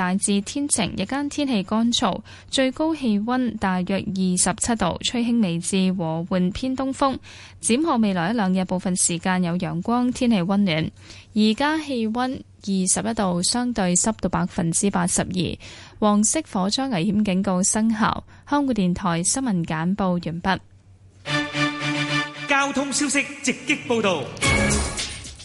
大致天晴，日間天氣乾燥，最高氣溫大約二十七度，吹輕微至和緩偏東風。展望未來一兩日，部分時間有陽光，天氣溫暖。而家氣溫二十一度，相對濕度百分之八十二，黃色火災危險警告生效。香港電台新聞簡報完畢。交通消息直擊報道。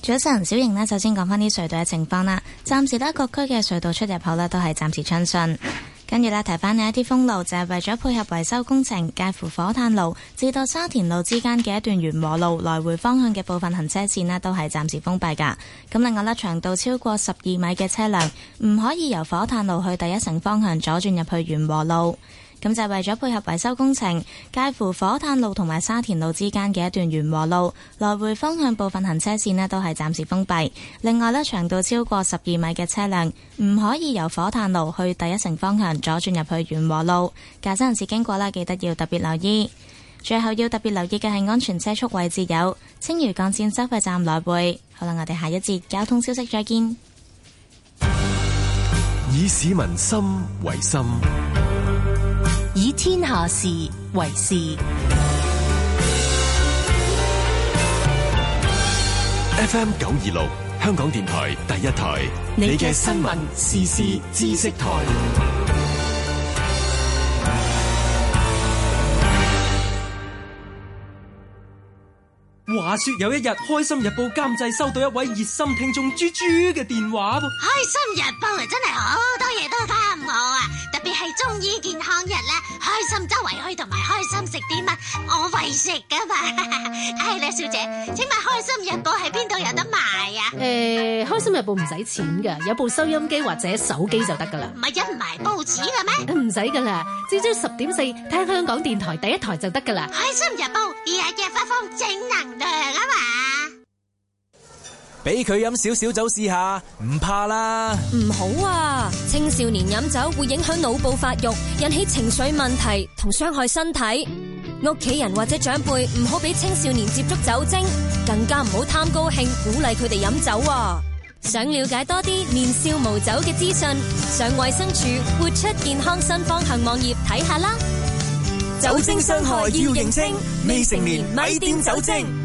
早晨，小瑩呢，首先講返啲隧道嘅情況啦。暫時呢，各區嘅隧道出入口呢，都係暫時暢順。跟住咧，提翻你一啲封路，就係為咗配合維修工程，介乎火炭路至到沙田路之間嘅一段元和路來回方向嘅部分行車線呢，都係暫時封閉噶。咁另外呢，長度超過十二米嘅車輛唔可以由火炭路去第一城方向左轉入去元和路。咁就為咗配合維修工程，介乎火炭路同埋沙田路之間嘅一段元和路來回方向部分行車綫咧都係暫時封閉。另外咧，長度超過十二米嘅車輛唔可以由火炭路去第一城方向左轉入去元和路。駕駛人士經過咧，記得要特別留意。最後要特別留意嘅係安全車速位置，有青嶼幹線收費站來回。好啦，我哋下一節交通消息再見。以市民心為心。天下事為事，FM 九二六香港電台第一台，你嘅新聞時事知識台。話說有一日，開心日報監製收到一位熱心聽眾豬豬嘅電話噃，開心日報啊真係好多。開心周圍去同埋開心食啲乜，我為食噶嘛。係咧，小姐，請問開心日報喺邊度有得賣啊？誒，開心日報唔使錢噶，有部收音機或者手機就得噶啦。唔係印埋報紙嘅咩？唔使噶啦，朝朝十點四聽香港電台第一台就得噶啦。開心日報日日發放正能量啊嘛！俾佢飲少少酒試下，唔怕啦。唔好啊，青少年飲酒會影響腦部發育，引起情緒問題同傷害身體。屋企人或者長輩唔好俾青少年接觸酒精，更加唔好貪高興鼓勵佢哋飲酒。想了解多啲年少無酒嘅資訊，上衛生署活出健康新方向網頁睇下啦。看看酒精傷害要認清，未成年咪掂酒精。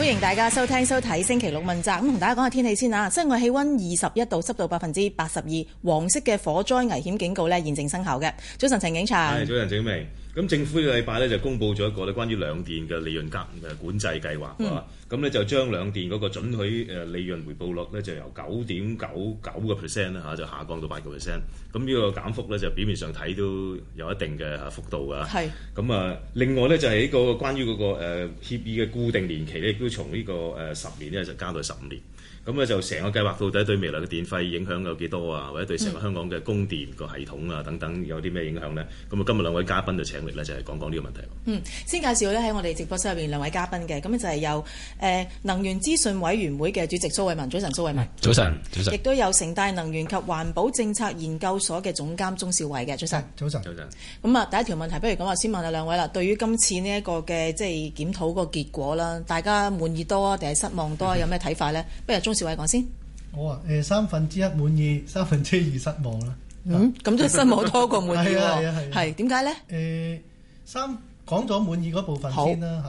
歡迎大家收聽收睇星期六問責。咁同大家講下天氣先啦。室外氣溫二十一度，濕度百分之八十二。黃色嘅火災危險警告咧，現正生效嘅。早晨，陳景祥。係早晨，景明。咁政府呢個禮拜咧就公佈咗一個咧關於兩電嘅利潤格，誒管制計劃啊，咁咧就將兩電嗰個准許誒利潤回報率咧就由九點九九個 percent 咧嚇就下降到八個 percent，咁呢個減幅咧就表面上睇都有一定嘅幅度㗎。係是，咁啊，另外咧就係呢個關於嗰個誒協議嘅固定年期咧亦都從呢個誒十年咧就加到十五年。咁咧就成個計劃到底對未來嘅電費影響有幾多啊？或者對成個香港嘅供電個系統啊等等有啲咩影響呢？咁啊，今日兩位嘉賓就請嚟咧，就係講講呢個問題。嗯，先介紹咧喺我哋直播室入邊兩位嘉賓嘅，咁就係有誒能源諮詢委員會嘅主席蘇偉文，早晨，蘇偉文。早晨，早晨。亦都有城大能源及環保政策研究所嘅總監鍾兆偉嘅，早晨。早晨，早晨。咁啊，第一條問題，不如講話先問下兩位啦。對於今次呢一個嘅即係檢討個結果啦，大家滿意多定係失望多？有咩睇法呢？不如鍾兆偉講先，我啊，誒，三分之一滿意，三分之二失望啦。嗯，咁都失望多過滿意喎。係啊係啊係。係點解咧？誒，三講咗滿意嗰部分先啦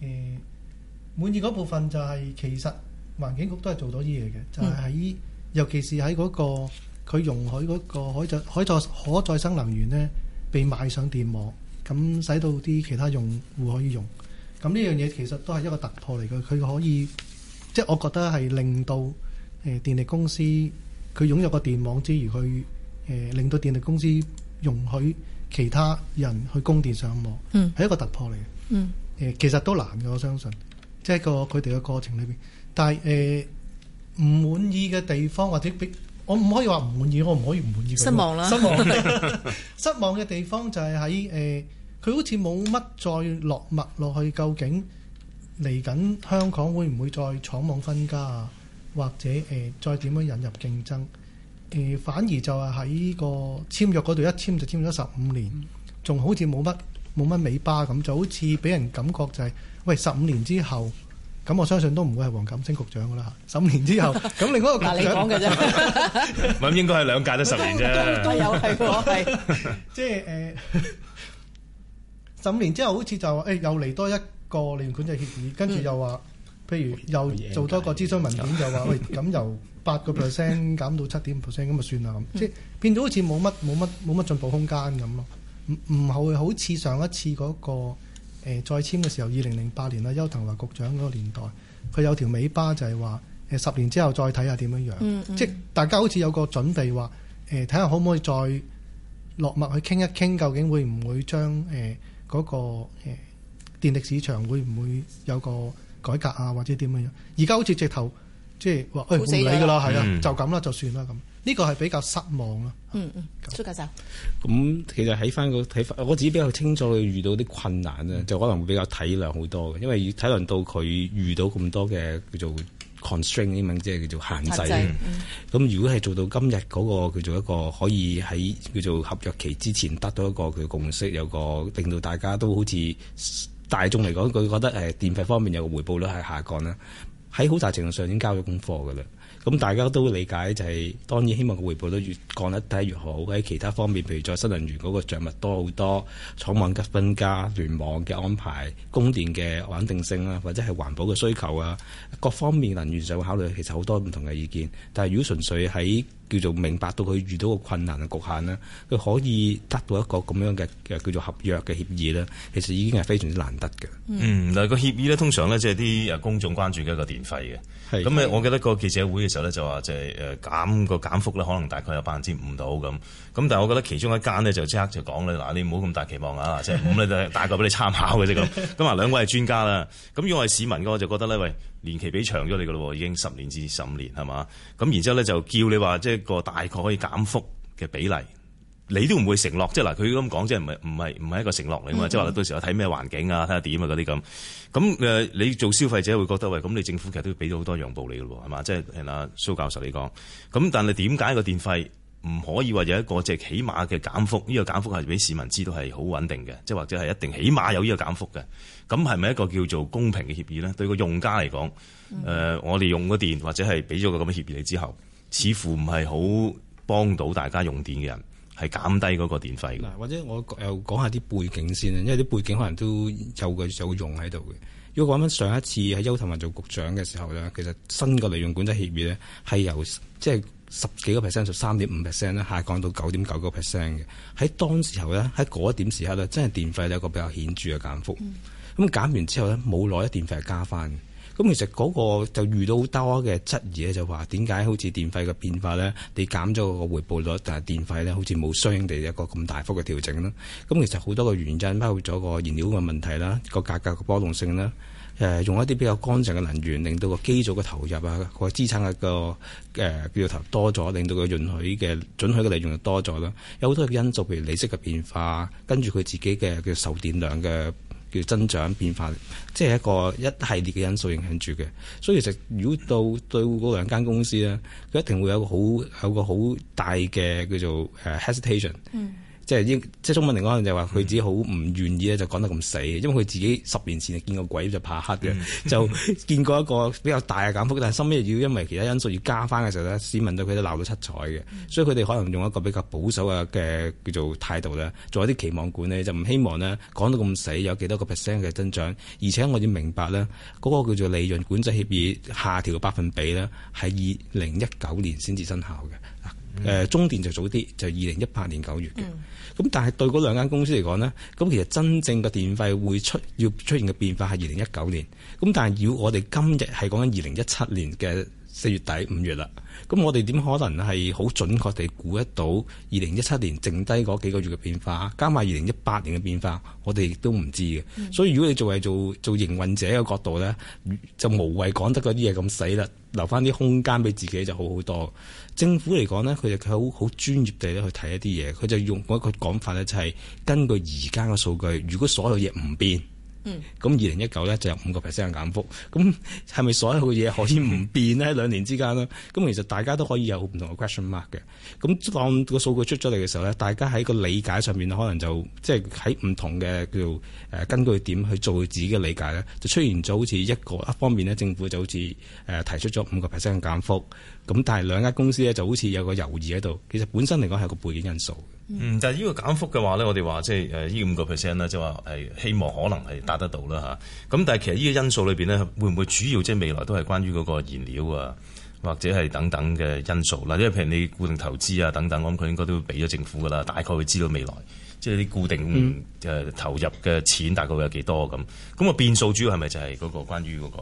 吓。誒，滿意嗰部分就係其實環境局都係做咗啲嘢嘅，就係喺尤其是喺嗰個佢容許嗰個海就海在可再生能源咧，被賣上電網，咁使到啲其他用戶可以用。咁呢樣嘢其實都係一個突破嚟嘅，佢可以。即係我覺得係令到誒電力公司佢擁有個電網之餘，佢誒令到電力公司容許其他人去供電上網，係、嗯、一個突破嚟嘅。誒、嗯、其實都難嘅，我相信。即係個佢哋嘅過程裏邊，但係誒唔滿意嘅地方或者比我唔可以話唔滿意，我唔可以唔滿意。失望啦！失望。 失望嘅地方就係喺誒，佢、呃、好似冇乜再落墨落去，究竟，嚟緊香港會唔會再廠網分家啊？或者誒、呃、再點樣引入競爭？誒、呃、反而就係喺個簽約嗰度一簽就簽咗十五年，仲好似冇乜冇乜尾巴咁，就好似俾人感覺就係、是、喂十五年之後，咁我相信都唔會係黃錦星局長噶啦。十五年之後，咁你嗰個隔離講嘅啫。咁應該係兩屆都十年啫。又係我係，即係誒十五年之後，好似就誒又嚟多一個利管制協議，跟住又話，譬如又做多個諮詢文件， 又話喂，咁由八個 percent 減到七點 percent，咁就算啦，即係 變到好似冇乜冇乜冇乜進步空間咁咯。唔唔係會好似上一次嗰、誒個再簽嘅時候，二零零八年啊，邱騰華局長嗰個年代，佢有條尾巴就係話誒十年之後再睇下點樣樣，即係 大家好似有個準備話誒睇下可唔可以再落墨去傾一傾，究竟會唔會將誒、誒、嗰個電力市場會唔會有個改革啊，或者點樣樣？而家好似直頭，即係話，誒唔理㗎啦，係啊、嗯，就咁啦，就算啦咁。呢個係比較失望咯、嗯。嗯樣嗯，蘇教授。咁其實喺翻個睇法，我自己比較清楚佢遇到啲困難咧，嗯、就可能會比較體諒好多嘅，因為體諒到佢遇到咁多嘅叫做 constraint 英文，即係叫做限制。咁、嗯、如果係做到今日嗰、那個叫做一個可以喺叫做合約期之前得到一個佢嘅共識，有個令到大家都好似，大眾嚟講，佢覺得誒電費方面有個回報率係下降啦，喺好大程度上已經交咗功課㗎喇。咁大家都理解就係、是、當然希望個回報率越降得低越好。喺其他方面，譬如在新能源嗰個着墨多好多，廠網嘅分家、聯網嘅安排、供電嘅穩定性啊，或者係環保嘅需求啊，各方面能源就會考慮。其實好多唔同嘅意見，但係如果純粹喺叫做明白到佢遇到嘅困難同局限啦，佢可以得到一個咁樣嘅誒叫做合約嘅協議啦，其實已經係非常之難得嘅。嗯，嗱個協議呢，通常呢，即係啲誒公眾關注嘅一個電費嘅。係。咁我記得個記者會嘅時候呢，就話即係誒減個減幅呢，可能大概有百分之五到咁。咁但係我覺得其中一間呢，就即刻就講咧，嗱你唔好咁大期望啊，即係五咧都係大概俾你參考嘅啫咁。咁啊兩位係專家啦，咁如果係市民嘅我就覺得呢：「喂。年期比長咗你噶咯，已經十年至十五年係嘛？咁然之後咧就叫你話即係個大概可以減幅嘅比例，你都唔會承諾。即係嗱，佢咁講即係唔係唔係唔係一個承諾嚟啊嘛？嗯、即係話到時候睇咩環境啊，睇下點啊嗰啲咁。咁誒是，你做消費者會覺得喂，咁你政府其實都俾咗好多樣報你咯，係嘛？即係聽阿蘇教授你講。咁但係點解個電費唔可以話有一個即係起碼嘅減幅？呢、這個減幅係俾市民知道係好穩定嘅，即係或者係一定起碼有呢個減幅嘅。咁係咪一個叫做公平嘅協議咧？對個用家嚟講，誒、嗯呃，我哋用個電或者係俾咗個咁嘅協議你之後，似乎唔係好幫到大家用電嘅人，係減低嗰個電費嘅。或者我又講下啲背景先，因為啲背景可能都有個有用喺度嘅。如果講翻上一次喺邱騰華做局長嘅時候咧，其實新嘅利用管制協議咧係由即係、就是、十幾個 percent 十三點五 percent 咧下降到九點九個 percent 嘅。喺當時候咧喺嗰一點時刻咧，真係電費咧有個比較顯著嘅減幅。嗯咁減完之後咧，冇耐，啲電費係加翻。咁其實嗰個就遇到好多嘅質疑咧，就話點解好似電費嘅變化咧？你減咗個回報率，但係電費咧好似冇相應地一個咁大幅嘅調整咧。咁其實好多個原因包括咗個燃料嘅問題啦，個價格嘅波動性啦，誒用一啲比較乾淨嘅能源，令到個機組嘅投入啊，個資產嘅、那個、呃、叫投入多咗，令到個允許嘅准許嘅利潤又多咗啦。有好多嘅因素，譬如利息嘅變化，跟住佢自己嘅嘅售電量嘅。叫增長變化，即係一個一系列嘅因素影響住嘅，所以其實如果到對嗰兩間公司咧，佢一定會有個好有個好大嘅叫做誒、uh, hesitation。嗯即係英，即係中文嚟講就話佢自己好唔願意咧，就講得咁死，因為佢自己十年前就見過鬼就怕黑嘅，嗯、就見過一個比較大嘅減幅，但係收尾要因為其他因素要加翻嘅時候咧，市民對佢都鬧到七彩嘅，所以佢哋可能用一個比較保守嘅嘅叫做態度咧，做一啲期望管理，就唔希望呢講到咁死有幾多個 percent 嘅增長，而且我要明白呢嗰、嗰個叫做利潤管制協議下調百分比呢，係二零一九年先至生效嘅。誒、呃，中電就早啲，就二零一八年九月嘅。咁、嗯、但係對嗰兩間公司嚟講咧，咁其實真正嘅電費會出要出現嘅變化係二零一九年。咁但係要我哋今日係講緊二零一七年嘅。四月底五月啦，咁我哋點可能係好準確地估得到二零一七年剩低嗰幾個月嘅變化，加埋二零一八年嘅變化，我哋亦都唔知嘅。嗯、所以如果你作為做係做做營運者嘅角度咧，就無謂講得嗰啲嘢咁死啦，留翻啲空間俾自己就好好多。政府嚟講呢，佢就佢好好專業地咧，去睇一啲嘢，佢就用一個講法咧、就係，就係根據而家嘅數據，如果所有嘢唔變。咁二零一九咧就有五個 percent 減幅，咁係咪所有嘅嘢可以唔變呢？兩年之間咧，咁其實大家都可以有唔同嘅 question mark 嘅。咁當個數據出咗嚟嘅時候咧，大家喺個理解上面可能就即係喺唔同嘅叫做誒根據點去做自己嘅理解咧，就出現咗好似一個一方面呢，政府就好似誒提出咗五個 percent 減幅，咁但係兩間公司咧就好似有個猶豫喺度。其實本身嚟講係個背景因素。嗯，但係呢個減幅嘅話咧，我哋話即係誒呢五個 percent 咧，就話係希望可能係。得到啦嚇，咁但係其實呢個因素裏邊咧，會唔會主要即係未來都係關於嗰個燃料啊，或者係等等嘅因素嗱？因為譬如你固定投資啊等等，咁佢應該都俾咗政府噶啦，大概會知道未來即係啲固定嘅投入嘅錢大概會有幾多咁。咁啊、嗯、變數主要係咪就係嗰個關於嗰、那個、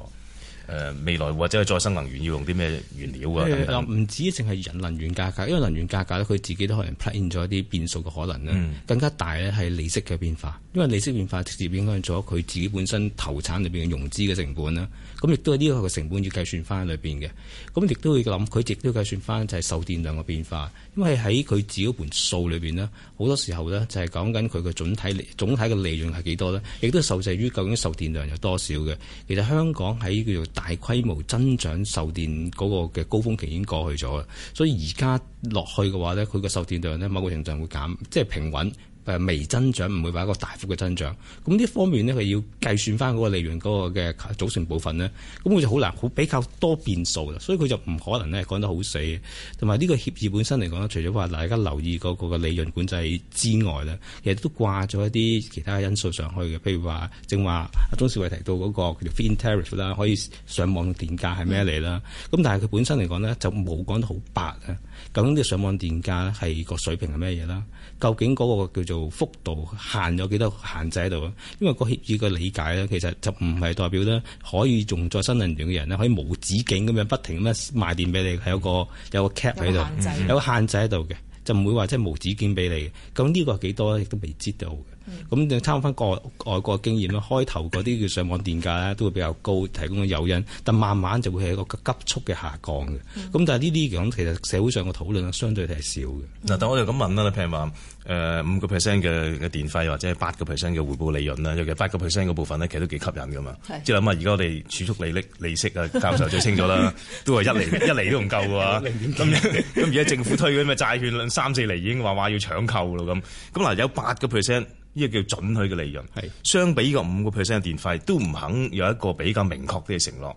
呃、未來或者係再生能源要用啲咩原料啊？唔、嗯等嗯、止淨係人能源價格，因為能源價格咧，佢自己都可能出現咗一啲變數嘅可能咧，更加大咧係利息嘅變化。因為利息變化直接影響咗佢自己本身投產裏邊嘅融資嘅成本啦，咁亦都係呢一個嘅成本要計算翻裏邊嘅，咁亦都會諗佢亦都要計算翻就係售電量嘅變化，因為喺佢自己嗰盤數裏邊咧，好多時候呢就係講緊佢嘅總體利總體嘅利潤係幾多呢，亦都受制於究竟售電量有多少嘅。其實香港喺叫做大規模增長售電嗰個嘅高峰期已經過去咗啦，所以而家落去嘅話呢，佢嘅售電量呢某個程度會減，即係平穩。誒，微增長唔會話一個大幅嘅增長，咁呢方面呢，佢要計算翻嗰個利潤嗰個嘅組成部分呢，咁佢就好難，好比較多變數啦，所以佢就唔可能咧講得好死。同埋呢個協議本身嚟講，除咗話大家留意嗰個嘅利潤管制之外呢，其實都掛咗一啲其他因素上去嘅，譬如話正話阿鍾兆偉提到嗰、那個叫做 feed-in tariff 啦，嗯、可以上網電價係咩嚟啦？咁、嗯、但係佢本身嚟講呢，就冇講得好白啊。究竟啲上網電價咧係個水平係咩嘢啦？究竟嗰個叫做幅度限咗幾多限制喺度？因為個協議嘅理解咧，其實就唔係代表咧可以用再生能源嘅人咧，可以無止境咁樣不停咁樣賣電俾你，係有個有個 cap 喺度，有個限制喺度嘅。就唔會話即係無止境俾你嘅，咁呢個係幾多亦都未知道嘅。咁就參翻國外國嘅經驗啦，開頭嗰啲嘅上網電價咧都會比較高，提供嘅誘因，但慢慢就會係一個急速嘅下降嘅。咁、嗯、但係呢啲咁其實社會上嘅討論相對係少嘅。嗱、嗯，但我哋咁問啦，譬如話誒五個 percent 嘅嘅電費或者係八個 percent 嘅回報利潤啦，尤其八個 percent 嗰部分咧其實都幾吸引噶嘛。即係諗下而家我哋儲蓄利率利息啊，教授最清楚啦， 都係一厘一釐都唔夠嘅。咁而家政府推嗰啲咩債券率率三四厘已經話話要搶購咯咁，咁嗱有八個 percent，呢個叫準許嘅利潤，是相比個五個 percent 嘅電費都唔肯有一個比較明確啲嘅承諾，咁、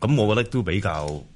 嗯、我覺得都比較唔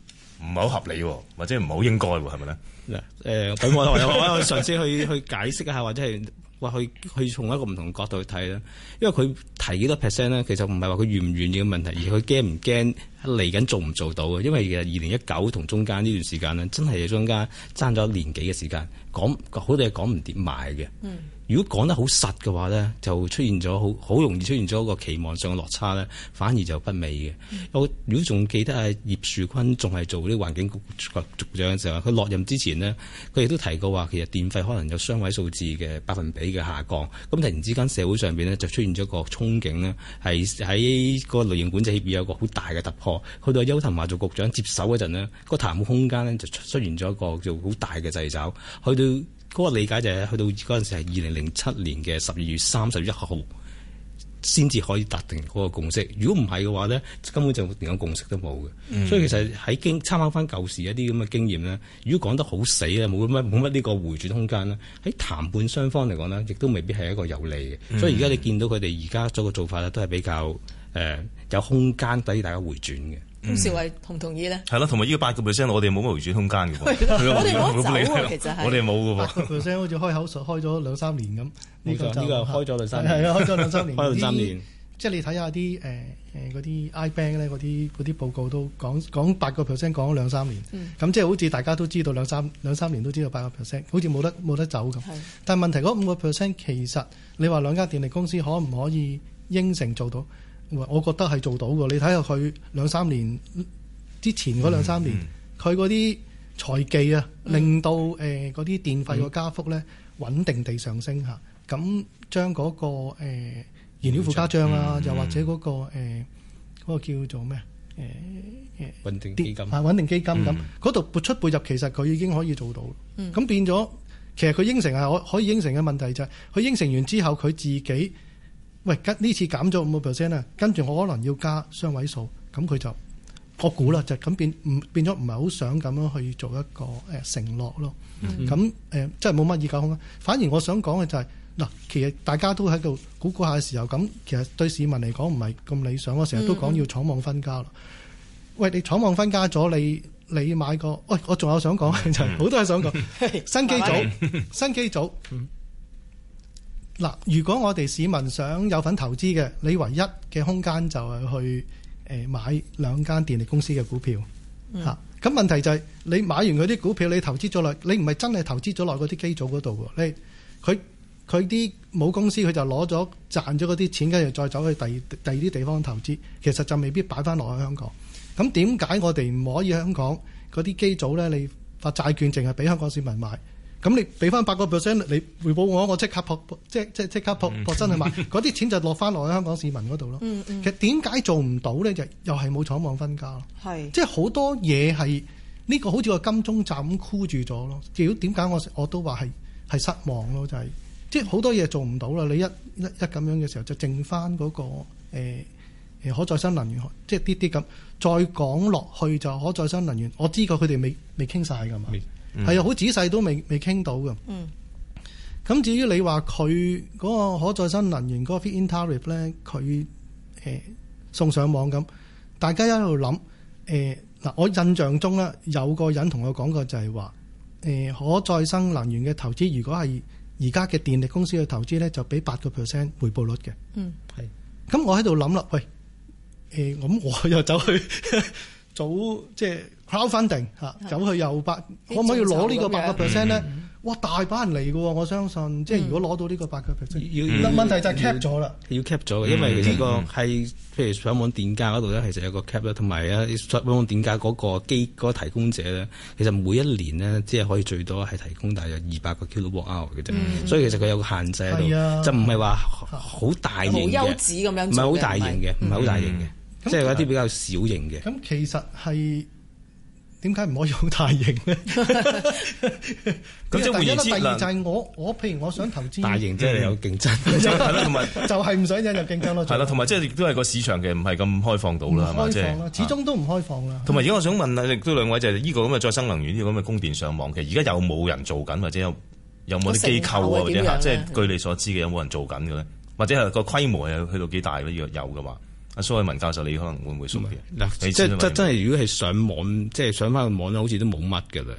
係好合理，或者唔係好應該喎，係咪咧？嗱、嗯，誒、呃，我、我、我嘗試去 去解釋一下，或者係？話去去從一個唔同角度去睇啦，因為佢提幾多 percent 咧，其實唔係話佢願唔願意嘅問題，而佢驚唔驚嚟緊做唔做到嘅。因為其實二零一九同中間呢段時間咧，真係中間爭咗年幾嘅時間，講好多嘢講唔跌賣嘅。嗯如果講得好實嘅話呢，就出現咗好好容易出現咗一個期望上嘅落差呢，反而就不美嘅。嗯、我如果仲記得啊，葉樹坤仲係做呢個環境局局長嘅時候，佢落任之前呢，佢亦都提過話，其實電費可能有雙位數字嘅百分比嘅下降。咁突然之間社會上邊呢，就出現咗一個憧憬呢，係喺個類型管制協議有個好大嘅突破。去到邱騰華做局，局長接手嗰陣咧，那個談判空間呢，就出現咗一個叫好大嘅掣肘。去到嗰個理解就係、是、去到嗰陣時係二零零七年嘅十二月三十一號，先至可以達定嗰個共識。如果唔係嘅話咧，根本就連個共識都冇嘅。嗯、所以其實喺經參考翻舊時一啲咁嘅經驗咧，如果講得好死咧，冇乜冇乜呢個回轉空間咧，喺談判雙方嚟講呢，亦都未必係一個有利嘅。所以而家你見到佢哋而家做嘅做法咧，都係比較誒、呃、有空間俾大家回轉嘅。鍾兆偉同唔同意咧？係咯，同埋呢個八個 percent，我哋冇個回轉空間嘅，我哋冇嘅，我哋冇嘅噃。percent 好似開口說開咗兩三年咁，呢個呢個開咗兩三年，係啊，開咗兩三年，開咗三年。即係你睇下啲誒誒嗰啲 IBank 咧，嗰啲嗰啲報告都講講八個 percent，講咗兩三年。咁即係好似大家都知道兩三兩三年都知道八個 percent，好似冇得冇得走咁。但係問題嗰五個 percent，其實你話兩家電力公司可唔可以應承做到？我覺得係做到嘅，你睇下佢兩三年之前嗰兩三年，佢嗰啲財技啊，嗯、令到誒嗰啲電費個加幅咧穩定地上升嚇，咁將嗰、嗰個、呃、燃料附加帳啊，嗯、又或者嗰、嗰個誒、呃嗰個、叫做咩誒、呃、穩定基金、嗯、啊，穩定基金咁嗰度撥出撥入，其實佢已經可以做到。嗯，咁變咗，其實佢應承係可可以應承嘅問題就係佢應承完之後，佢自己。喂，跟呢次減咗五個 percent 啦，跟住我可能要加雙位數，咁佢就我估啦，就咁變唔變咗唔係好想咁樣去做一個誒、呃、承諾咯。咁誒即係冇乜意溝通啦。反而我想講嘅就係、是、嗱，其實大家都喺度估估下嘅時候，咁其實對市民嚟講唔係咁理想。我成日都講要廠網分家啦。喂，你廠網分家咗，你你買個喂，我仲有想講好、就是、多嘢想講，新機組新機組。嗱，如果我哋市民想有份投資嘅，你唯一嘅空間就係去誒買兩間電力公司嘅股票嚇。咁、嗯、問題就係、是、你買完嗰啲股票，你投資咗落，你唔係真係投資咗落嗰啲機組嗰度喎？你佢佢啲母公司，佢就攞咗賺咗嗰啲錢，跟住再走去第第二啲地方投資。其實就未必擺翻落去香港。咁點解我哋唔可以喺香港嗰啲機組呢，你發債券淨係俾香港市民買？咁你俾翻八個 percent，你回報我，我即刻撲刻撲，即即即刻撲撲身去買，嗰啲 錢就落翻落去香港市民嗰度咯。 其實點解做唔到咧？就又係冇廠網分家咯。係是，即係好多嘢係呢個好似個金鐘罩箍住咗咯。如果點解我我都話係係失望咯，就係、是、即係好多嘢做唔到啦。你一一一咁樣嘅時候，就剩翻嗰、那個誒、欸、可再生能源，即係啲啲咁。再講落去就可再生能源，我知道佢哋未未傾晒㗎嘛。係啊，好仔細都未未傾到嘅。咁、嗯、至於你話佢嗰個可再生能源嗰個 feed-in tariff 咧，佢誒、呃、送上網咁，大家一路諗誒嗱，我印象中咧有個人同我講過就係話誒可再生能源嘅投資，如果係而家嘅電力公司去投資咧，就俾八個 percent 回報率嘅、嗯。嗯，係。咁我喺度諗啦，喂誒，咁、呃、我又走去 早，即係。跑翻定嚇，走去又八，可唔可以攞呢個八個 percent 咧？哇！大把人嚟㗎，我相信即係如果攞到呢個八個 percent，問題就 cap 咗啦。要 cap 咗嘅，因為呢個係譬如上網電價嗰度咧，其實有一個 cap 咧，同埋啊上網電價嗰個機嗰個提供者咧，其實每一年咧，即係可以最多係提供大約二百個 kilowatt hour 嘅啫，所以其實佢有個限制喺度，就唔係話好大型嘅，唔係好大型嘅，唔係好大型嘅，即係嗰啲比較小型嘅。咁其實係。點解唔可以用大型咧？咁即係換之，第二就係我我譬如我想投資大型，即係有競爭，係咯， 同埋就係唔想引入競爭咯。係啦， 同埋即係亦都係個市場嘅唔係咁開放到啦，係咪、就是、始終都唔開放啦。同埋而家我想問啊，亦都兩位就係、是、呢、這個咁嘅再生能源呢、這個咁嘅供電上網嘅，而家有冇人做緊或者有有冇啲機構啊？或者即係據你所知嘅有冇人做緊嘅咧？的或者係個規模係去到幾大咧？有嘅話。阿蘇偉文教授，你可能會唔會送啲？嗱即，即係真真係，如果係上網，即、就、係、是、上翻個網咧，好似都冇乜嘅嘞。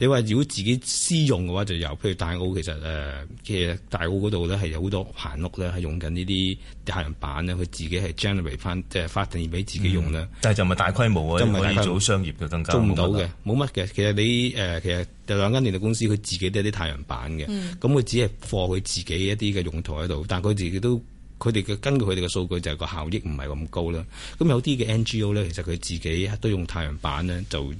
你話如果自己私用嘅話，就有。譬如大澳，其實誒、呃，其實大澳嗰度咧係有好多閒屋咧，係用緊呢啲太陽板咧，佢自己係 generate 翻即係發電俾自己用咧、嗯。但係就唔係大規模啊，大模可以做商業嘅更加做唔到嘅，冇乜嘅。其實你誒、呃，其實就兩間電力公司，佢自己都係啲太陽板嘅，咁佢、嗯、只係放佢自己一啲嘅用途喺度，但係佢自己都。佢哋嘅根據佢哋嘅數據就係、是、個效益唔係咁高啦。咁有啲嘅 NGO 咧，其實佢自己都用太陽板咧，就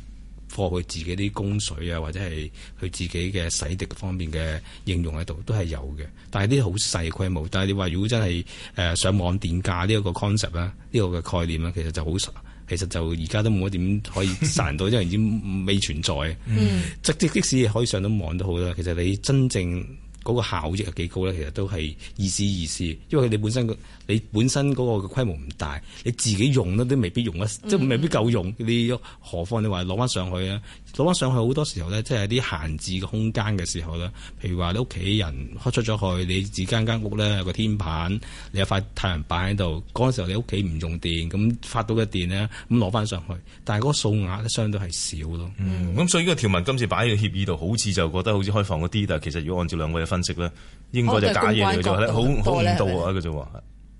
放佢自己啲供水啊，或者係佢自己嘅洗滌方面嘅應用喺度，都係有嘅。但係啲好細規模。但係你話如果真係誒、呃、上網電價呢一個 concept 咧，呢個嘅概念咧、這個，其實就好，其實就而家都冇乜點可以散到， 因為已經未存在。嗯，即使即使可以上到網都好啦，其實你真正。嗰個效益係幾高咧？其實都係意思意思，因為佢哋本身個你本身嗰個規模唔大，你自己用咧都未必用得，即係未必夠用。你何況你話攞翻上去咧，攞翻上去好多時候咧，即係啲閒置嘅空間嘅時候咧，譬如話你屋企人開出咗去，你自間間屋咧有個天棚，你有塊太陽板喺度，嗰陣時候你屋企唔用電，咁發到嘅電咧咁攞翻上去，但係嗰個數額咧相對係少咯。嗯，咁、嗯、所以呢個條文今次擺喺個協議度，好似就覺得好似開放嗰啲，但係其實如果按照兩位嘅分析咧，應該就假嘢嚟咗咧，好好誤導啊，嘅啫喎。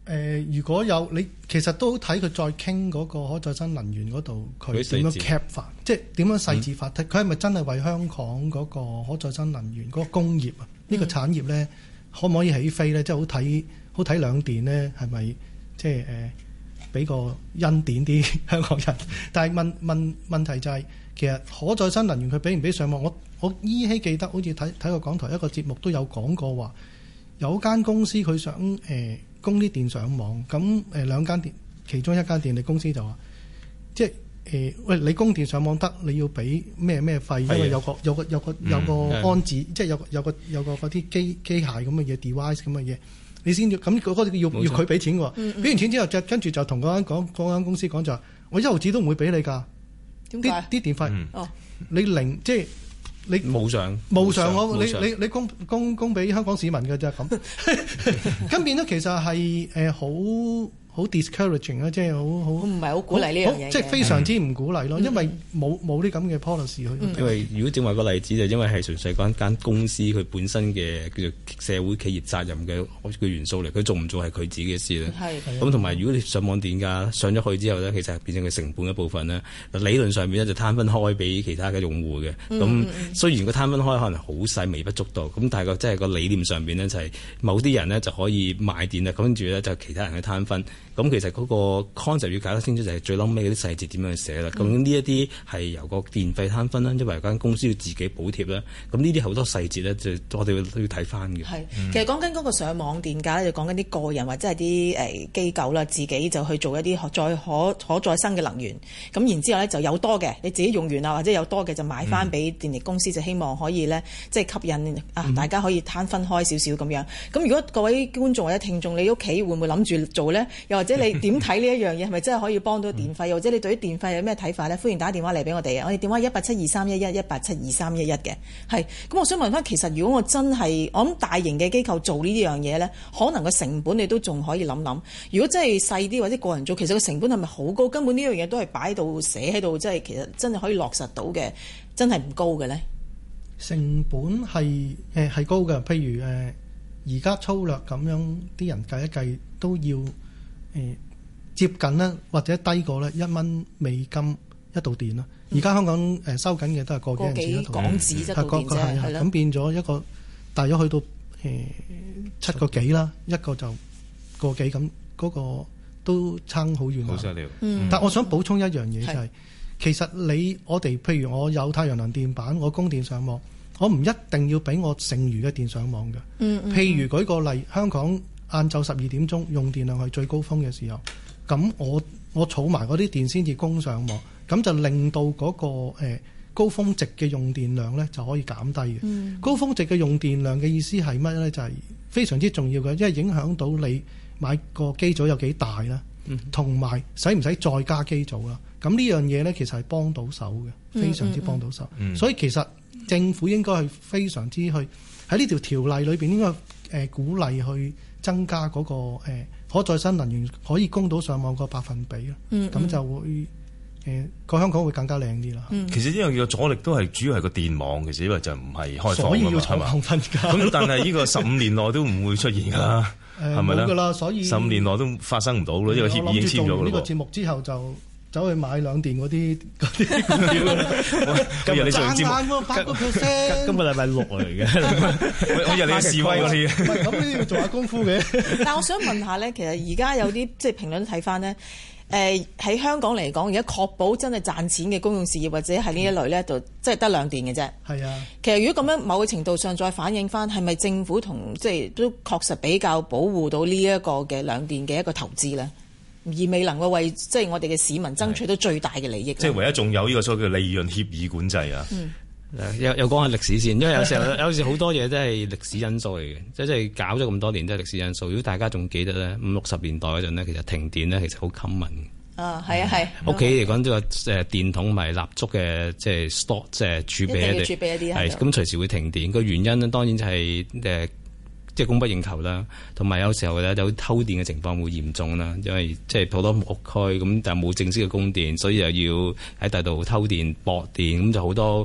誒，如果有你，其實都睇佢再傾嗰個可再生能源嗰度，佢點樣 cap 化，即係點樣細緻法？睇佢係咪真係為香港嗰個可再生能源嗰個工業啊？呢、嗯、個產業咧，可唔可以起飛咧？即係好睇，好睇兩電咧，係咪即係誒俾個恩典啲香港人？ 但係問問問題就係、是，其實可再生能源佢俾唔俾上網？我我依稀記得，好似睇睇過港台一個節目都有講過說，話有間公司佢想誒供啲電上網咁誒兩間電其中一間電力公司就話，即係誒喂，你供電上網得，你要俾咩咩費？因為有個有個有個有個,、嗯、有個安置，嗯、即係有有個有個嗰啲機機械咁嘅嘢 device 咁嘅嘢，你先要咁嗰、嗰個、要錯要佢俾錢㗎。俾完錢之後，就跟住就同嗰間講嗰間公司講，就話我一毫子都唔會俾你㗎。點解啲電費？嗯哦、你零即係。無你償，無償我上你上你你，你供供供俾香港市民嘅啫咁，今邊都其實係誒好。好 discouraging 啊，即係好好唔係好鼓勵呢樣嘢。哦、即係非常之唔鼓勵咯，嗯、因為冇冇啲咁嘅 policy 去、嗯。因為如果正話個例子就是、因為係純粹嗰間公司佢本身嘅叫做社會企業責任嘅個元素嚟，佢做唔做係佢自己嘅事啦。咁同埋如果你上網電價上咗去之後咧，其實係變成佢成，成本一部分咧。理論上面咧就攤分開俾其他嘅用戶嘅。咁、嗯、雖然個攤分開可能好細微不足道，咁但係個即係個理念上邊咧就係某啲人咧就可以賣電啦，跟住咧就其他人去攤分。咁其實嗰個 concept 要搞得清楚，就係最嬲尾嗰啲細節點樣去寫啦。咁呢一啲係由個電費攤分啦，因為間公司要自己補貼啦。咁呢啲好多細節咧，就我哋都要睇翻嘅。係、嗯，其實講緊嗰個上網電價咧，就講緊啲個人或者係啲誒機構啦，自己就去做一啲可再可可再生嘅能源。咁然之後咧就有多嘅，你自己用完啦，或者有多嘅就買翻俾電力公司，嗯、就希望可以咧即係吸引啊，大家可以攤分開少少咁樣。咁、嗯、如果各位觀眾或者聽眾，你屋企會唔會諗住做咧？ 或者你點睇呢一樣嘢係咪真係可以幫到電費？或者你對於電費有咩睇法呢？歡迎打電話嚟俾我哋，我哋電話一八七二三一一一八七二三一一。嘅係咁。我想問翻，其實如果我真係我諗大型嘅機構做呢樣嘢呢，可能個成本你都仲可以諗諗。如果真係細啲或者個人做，其實個成本係咪好高？根本呢樣嘢都係擺到寫喺度，即係其實真係可以落實到嘅，真係唔高嘅呢？成本係誒係高嘅，譬如誒而家粗略咁樣啲人計一計都要。誒、嗯、接近咧，或者低過咧一蚊美金一度電啦。而家、嗯、香港誒收緊嘅都係個,個幾啦，同埋係啊，咁的變咗一個大約去到誒、呃嗯、七個幾啦，個一個就個幾咁，嗰、那個都差好遠喎。嗯，但我想補充一樣嘢就係、是，是其實你我哋譬如我有太陽能電板，我供電上網，我唔一定要俾我剩餘嘅電上網嘅。譬如舉個例，香港。晏晝十二點鐘用電量係最高峰嘅時候，咁我我儲埋嗰啲電先至供上網，咁就令到嗰個、呃、高峰值嘅用電量呢就可以減低嘅。嗯、高峰值嘅用電量嘅意思係乜呢？就係、是、非常之重要嘅，因為影響到你買個機組有幾大啦，同埋使唔使再加機組啦。咁呢樣嘢呢，其實係幫到手嘅，非常之幫到手。嗯、所以其實政府應該係非常之去喺呢條條例裏邊應該。誒、呃、鼓勵去增加嗰、那個、呃、可再生能源可以供到上網個百分比咯，咁、mm hmm. 就會誒個、呃、香港會更加靚啲咯。Mm hmm. 其實呢樣嘢嘅阻力都係主要係個電網，其實因為就唔係開放咁樣嘛。所以要逐步咁吧，但係呢個十五年內都唔會出現㗎啦，係咪咧？十五、呃、年內都發生唔到咯，因為、嗯、協議簽咗啦。我呢個節目之後就，走去買兩電嗰啲嗰啲，今日你上次接，啊、今個禮拜六嚟嘅， 我以為你示威嗰次，唔係咁都要做下功夫嘅。 但係我想問下咧，其實而家有啲即係評論睇翻咧，誒喺香港嚟講，而家確保真係賺錢嘅公用事業或者係呢一類咧，就即係得兩電嘅啫。係啊，其實如果咁樣某個程度上再反映翻，係咪政府同即係都確實比較保護到呢一個嘅兩電嘅一個投資咧？而未能夠為即係我哋嘅市民爭取到最大嘅利益。即係唯一仲有呢個所謂叫「利潤協議管制」啊！嗯、又又講下歷史先，因為有時候 有時好多嘢都係歷史因素嚟嘅，即、即係搞咗咁多年都係歷史因素。如果大家仲記得咧，五六十年代嗰陣咧，其實停電呢，其實好 common 嘅。啊，係啊，係。屋企嚟講都話，誒電筒咪蠟燭嘅，即係 store 即係儲備一啲，儲備一啲係咁隨時會停電。個原因咧，當然就係誒。即係供不應求啦，同埋有時候咧有偷電嘅情況會嚴重啦，因為即係好多木屋區咁，但係冇正式嘅供電，所以又要喺第度偷電、駁電，咁就好多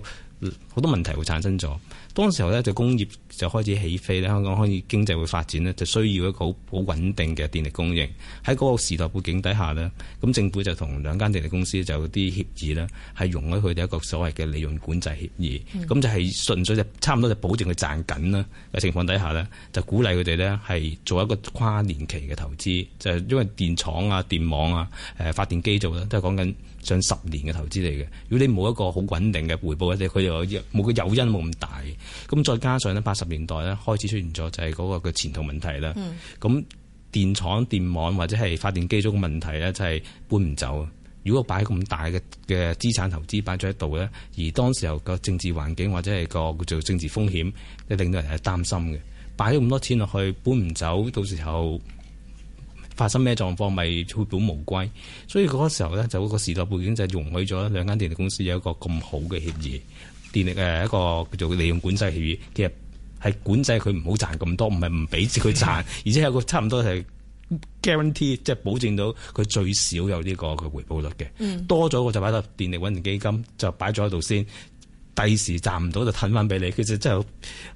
好多問題會產生咗。當時候咧就工業。就開始起飛咧，香港可以經濟會發展咧，就需要一個好好穩定嘅電力供應。喺嗰個時代背景底下呢，咁政府就同兩間電力公司就有啲協議咧，係容許佢哋一個所謂嘅利潤管制協議。咁、嗯、就係純粹就差唔多就保證佢賺緊啦嘅情況底下呢，就鼓勵佢哋呢係做一個跨年期嘅投資。就是、因為電廠啊、電網啊、誒發電機做咧，都係講緊上十年嘅投資嚟嘅。如果你冇一個好穩定嘅回報，佢哋佢又冇個誘因冇咁大。咁再加上呢八十年代咧開始出現咗，就係嗰個嘅前途問題啦。咁、嗯、電廠電網或者係發電機組嘅問題咧，就係搬唔走。如果擺咁大嘅嘅資產投資擺咗喺度咧，而當時候個政治環境或者係個叫做政治風險，都令到人係擔心嘅。擺咗咁多錢落去，搬唔走，到時候發生咩狀況，咪血本無歸。所以嗰時候咧，就嗰個時代背景就係容許咗兩間電力公司有一個咁好嘅協議，電力，誒一個叫做利潤管制協議，其實。係管制佢唔好賺咁多，唔係唔俾佢賺，而且有個差唔多係 guarantee，即係保證到佢最少有呢、呢個嘅回報率嘅。嗯、多咗我就擺到度，電力穩定基金就擺咗喺度先。第時賺唔到就褪翻俾你。其實真係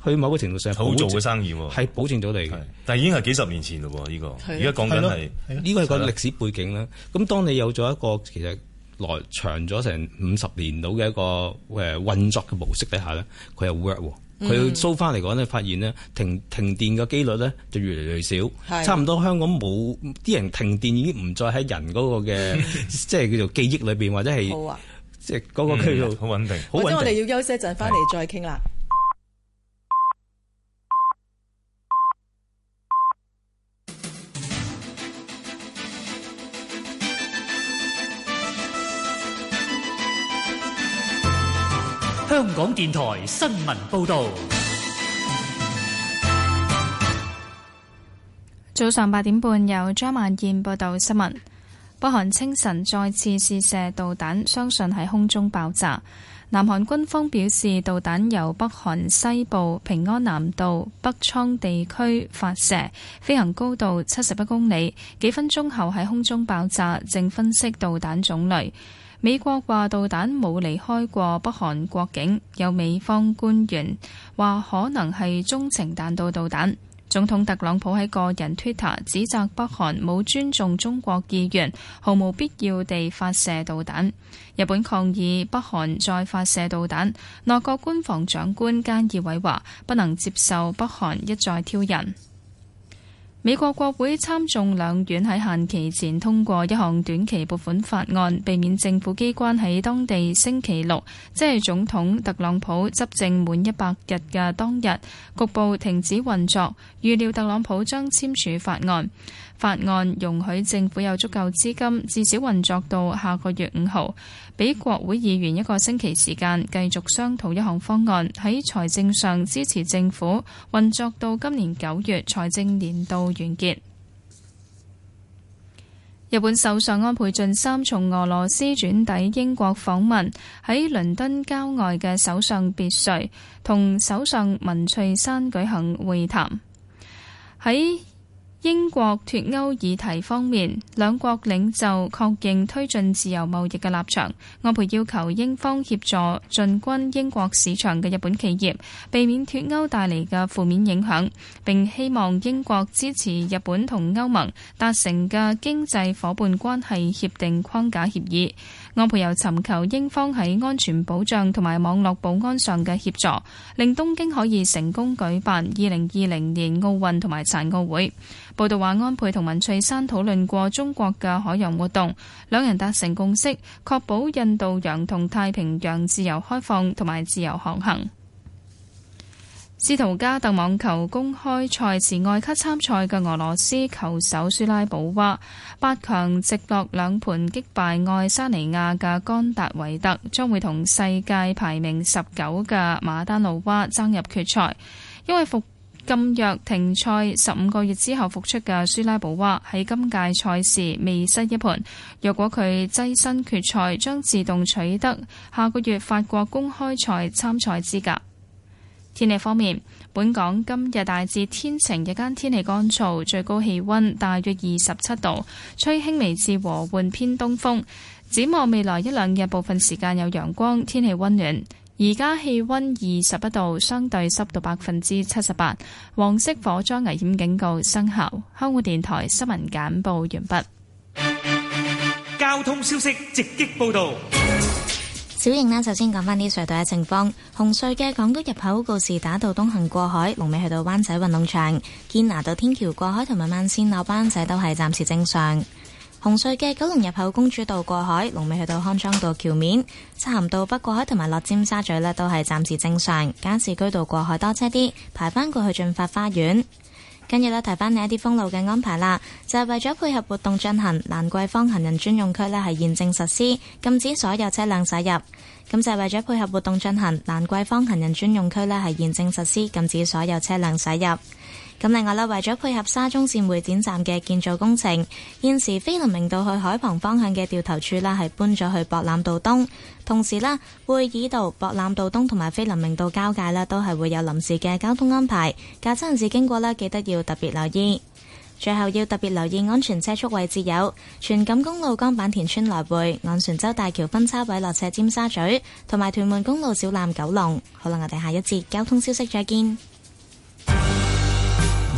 去某個程度上好做嘅生意、啊，係保證到你。但已經係幾十年前嘞喎，呢、呢個而家講緊係呢個係個歷史背景啦。咁當你有咗一個的其實來長咗成五十年到嘅一個誒運作嘅模式底下咧，佢又 work 佢要收翻嚟講咧，嗯、發現咧停停電嘅機率咧就越嚟越少，的差唔多香港冇啲人停電已經唔再喺人嗰個嘅 即係叫做記憶裏邊，或者係、啊、即係嗰個區度。好、嗯、穩定，好，我哋要休息一陣，翻嚟再傾啦。香港電台新聞報道，早上八點半由張萬燕報道新聞。北韓清晨再次試射導彈，相信喺空中爆炸。南韓軍方表示，導彈由北韓西部平安南道北倉地區發射，飛行高度七十一公里，幾分鐘後喺空中爆炸，正分析導彈種類。美國話導彈冇離開過北韓國境，有美方官員話可能係中程彈道導彈。總統特朗普喺個人 Twitter 指責北韓冇尊重中國意願，毫無必要地發射導彈。日本抗議北韓再發射導彈，內閣官房長官菅義偉話不能接受北韓一再挑釁。美國國會參眾兩院喺限期前通過一項短期撥款法案，避免政府機關喺當地星期六，即係總統特朗普執政滿一百日嘅當日，局部停止運作。預料特朗普將簽署法案。法案容許政府有足夠資金，至少運作到下個月五號，俾國會議員一個星期時間繼續商討一項方案，喺財政上支持政府運作到今年九月財政年度完結。日本首相安倍晉三從俄羅斯轉抵英國訪問，喺倫敦郊外嘅首相別墅同首相文翠山舉行會談，喺。英國脫歐議題方面，兩國領袖確認推進自由貿易嘅立場。安倍要求英方協助進軍英國市場嘅日本企業，避免脫歐帶嚟嘅負面影響。並希望英國支持日本同歐盟達成嘅經濟夥伴關係協定框架協議。安倍又尋求英方喺安全保障同埋網絡保安上嘅協助，令東京可以成功舉辦二零二零年奧運同埋殘奧會。報道話，安倍同文翠珊討論過中國嘅海洋活動，兩人達成共識，確保印度洋同太平洋自由開放同埋自由航行。斯圖加特網球公開賽次外卡參賽嘅俄羅斯球手舒拉寶娃，八強直落兩盤擊敗愛沙尼亞嘅岡達維特，將會同世界排名十九嘅馬丹努娃爭入決賽，因為復禁藥停賽十五個月之後復出嘅舒拉保娃，喺今屆賽事未失一盤，若果佢躋身決賽，將自動取得下個月法國公開賽參賽資格。天氣方面，本港今日大致天晴，日間天氣乾燥，最高氣溫大約二十七度，吹輕微至和緩偏東風。展望未來一兩日，部分時間有陽光，天氣溫暖。而家氣溫二十一度，相對濕度百分之七十八。黃色火災危險警告生效。香港電台新聞簡報完畢。交通消息直擊報道。小瑩呢、啊，首先講翻啲隧道嘅情況。紅隧嘅港島入口告士打道東行過海龍尾去到灣仔運動場，堅拿道天橋過海同埋慢線落灣仔都係暫時正常。紅隧嘅九龍入口公主道過海，龍尾去到康莊道橋面，漆咸道北過海同埋落尖沙咀咧都係暫時正常，加士居道過海多車啲，排返過去駿發花園。跟住呢，提翻你一啲封路嘅安排啦，就係為咗配合活動進行，蘭桂坊行人專用區咧係現正實施禁止所有車輛駛入，咁就係為咗配合活動進行，蘭桂坊行人專用區咧係現正實施禁止所有車輛駛入。咁另外啦，為咗配合沙中線會展站嘅建造工程，現時菲林明道去海旁方向嘅掉頭處啦，係搬咗去博覽道東。同時啦，會議道博覽道東同埋菲林明道交界啦，都係會有臨時嘅交通安排。駕車人士經過啦，記得要特別留意。最後要特別留意安全車速位置有荃錦公路江板田村來回、昂船洲大橋分叉位落斜尖沙咀同埋屯門公路小欖九龍。好啦，我哋下一節交通消息再見。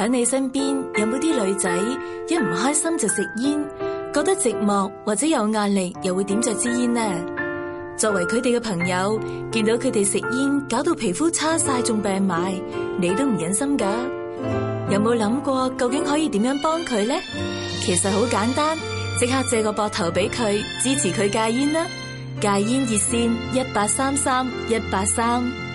喺你身邊有冇啲女仔一唔開心就食煙，覺得寂寞或者有壓力又會點著支煙呢？作為佢哋嘅朋友，見到佢哋食煙搞到皮膚差晒，仲病埋，你都唔忍心噶。有冇諗過究竟可以點樣幫佢呢？其實好簡單，即刻借個膊頭俾佢支持佢戒煙啦！戒煙熱線一八三三一八三。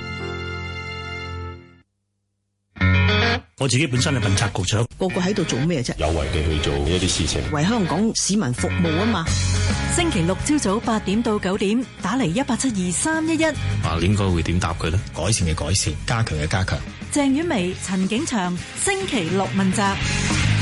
我自己本身係問責局長，個個喺度做咩啫？有為地去做一啲事情，為香港市民服務啊嘛！ 星期六朝早八點到九點，打嚟，一八七二三一一。啊，應該會點答佢咧？改善嘅改善，加強嘅加強。鄭婉薇、陳景祥，星期六問責。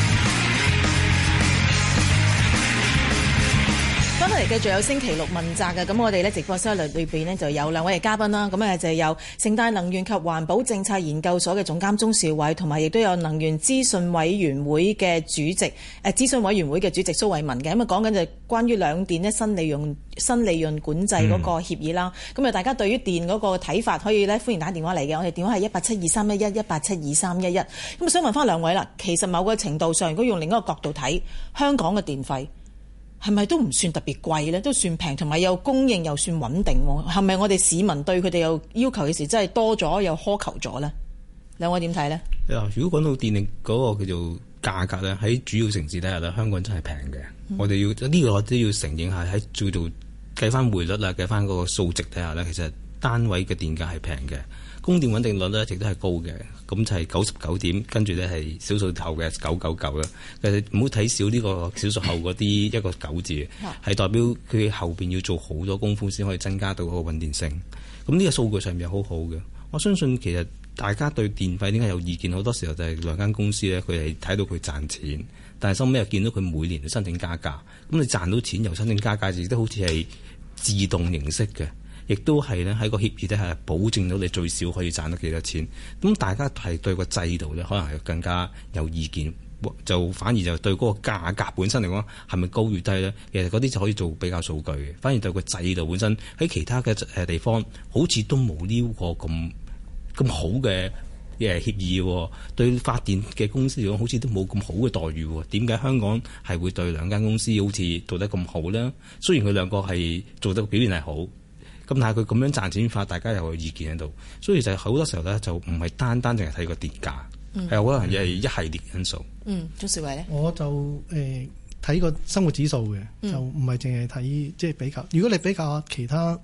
今嚟繼續有星期六問責嘅。咁我哋咧直播室裏邊呢，就有兩位嘅嘉賓啦，咁啊就係有城大能源及環保政策研究所嘅總監鍾兆偉，同埋亦都有能源諮詢委員會嘅主席，誒、呃、諮詢委員會嘅主席蘇偉文嘅，咁啊講緊就關於兩電一新利用新利潤管制嗰個協議啦，咁啊、嗯、大家對於電嗰個睇法可以咧歡迎打電話嚟嘅，我哋電話係一八七二三一一一八七二三一一，咁啊想問翻兩位啦，其實某個程度上，如果用另一個角度睇，香港嘅電費。係咪都唔算特別貴咧？都算平，同埋又供應又算穩定喎。係咪我哋市民對佢哋有要求嘅時真係多咗，又苛求咗咧？兩位點睇咧？啊，如果講到電力嗰個叫做價格咧，喺主要城市底下咧，香港真係平嘅。嗯、我哋要呢、這個都要承認下，喺做到計翻匯率啊，計翻嗰個數值底下咧，其實單位嘅電價係平嘅。供電穩定率咧一直都係高嘅，咁就係九十九點，跟住咧係小數後嘅九九九啦。其實唔好睇少呢個小數後嗰啲一個九字，係 代表佢後邊要做好多功夫先可以增加到個穩定性。咁呢個數據上面好好嘅，我相信其實大家對電費點解有意見，好多時候就係兩間公司咧，佢係睇到佢賺錢，但係收尾又見到佢每年申請加價。咁你賺到錢又申請加價，亦都好似係自動形式嘅。亦都係咧，喺個協議咧係保證到你最少可以賺到幾多錢。咁大家係對個制度咧，可能係更加有意見，就反而就對嗰個價格本身嚟講係咪高與低呢？其實嗰啲就可以做比較數據嘅。反而對個制度本身喺其他嘅誒、地方好似都冇呢個咁咁好嘅、誒協議喎。對發電嘅公司嚟講，好似都冇咁好嘅待遇喎。點解香港係會對兩間公司好似做得咁好呢？雖然佢兩個係做得表現係好。咁但係佢咁樣賺錢法，大家又有意見喺度，所以就好多時候咧，就唔係單單淨係睇個電價，係好多人係一系列因素。鍾兆偉咧，我就誒睇個生活指數嘅，就唔係淨係睇即係比較。如果你比較其他誒、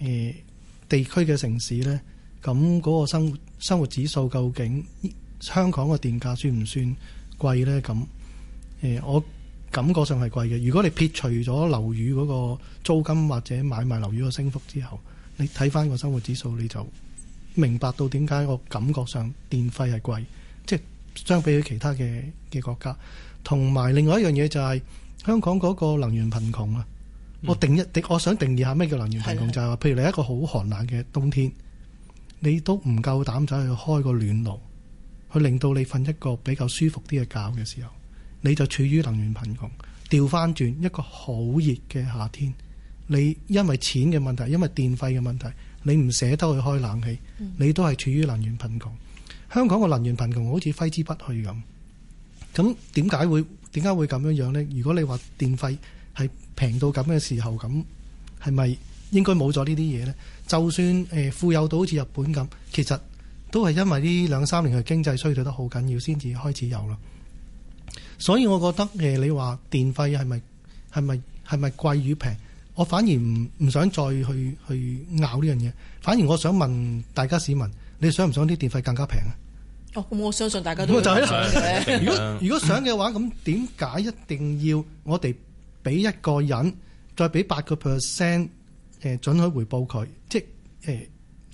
呃、地區嘅城市咧，咁嗰個生活生活指數究竟香港嘅電價算唔算貴咧？咁誒、呃、我。感覺上係貴嘅。如果你撇除咗樓宇嗰個租金或者買賣樓宇個升幅之後，你睇翻個生活指數，你就明白到點解我感覺上電費係貴，即係相比於其他嘅嘅國家。同埋另外一樣嘢就係、是、香港嗰個能源貧窮啊！嗯、我定一，我我想定義下咩叫能源貧窮，的就係話，譬如你一個好寒冷嘅冬天，你都唔夠膽走去開個暖爐，去令到你瞓一個比較舒服啲嘅覺嘅時候。你就處於能源貧窮。調返轉一個好熱嘅夏天，你因為錢嘅問題，因為電費嘅問題，你唔捨得去開冷氣，你都係處於能源貧窮。香港個能源貧窮好似揮之不去咁。咁點解會點解會咁樣樣呢？如果你話電費係平到咁嘅時候咁，係咪應該冇咗呢啲嘢呢？就算誒富有到好似日本咁，其實都係因為呢兩三年嘅經濟衰退得好緊要，先至開始有啦。所以我覺得誒、呃，你話電費係咪係咪係咪貴與平？我反而唔唔想再去去拗呢樣嘢，反而我想問大家市民，你想唔想啲電費更加平啊？哦，我相信大家都會就係啦。 如果如果想嘅話，咁點解一定要我哋俾一個人、嗯、再俾八個 percent 誒準許回報佢？即、就、誒、是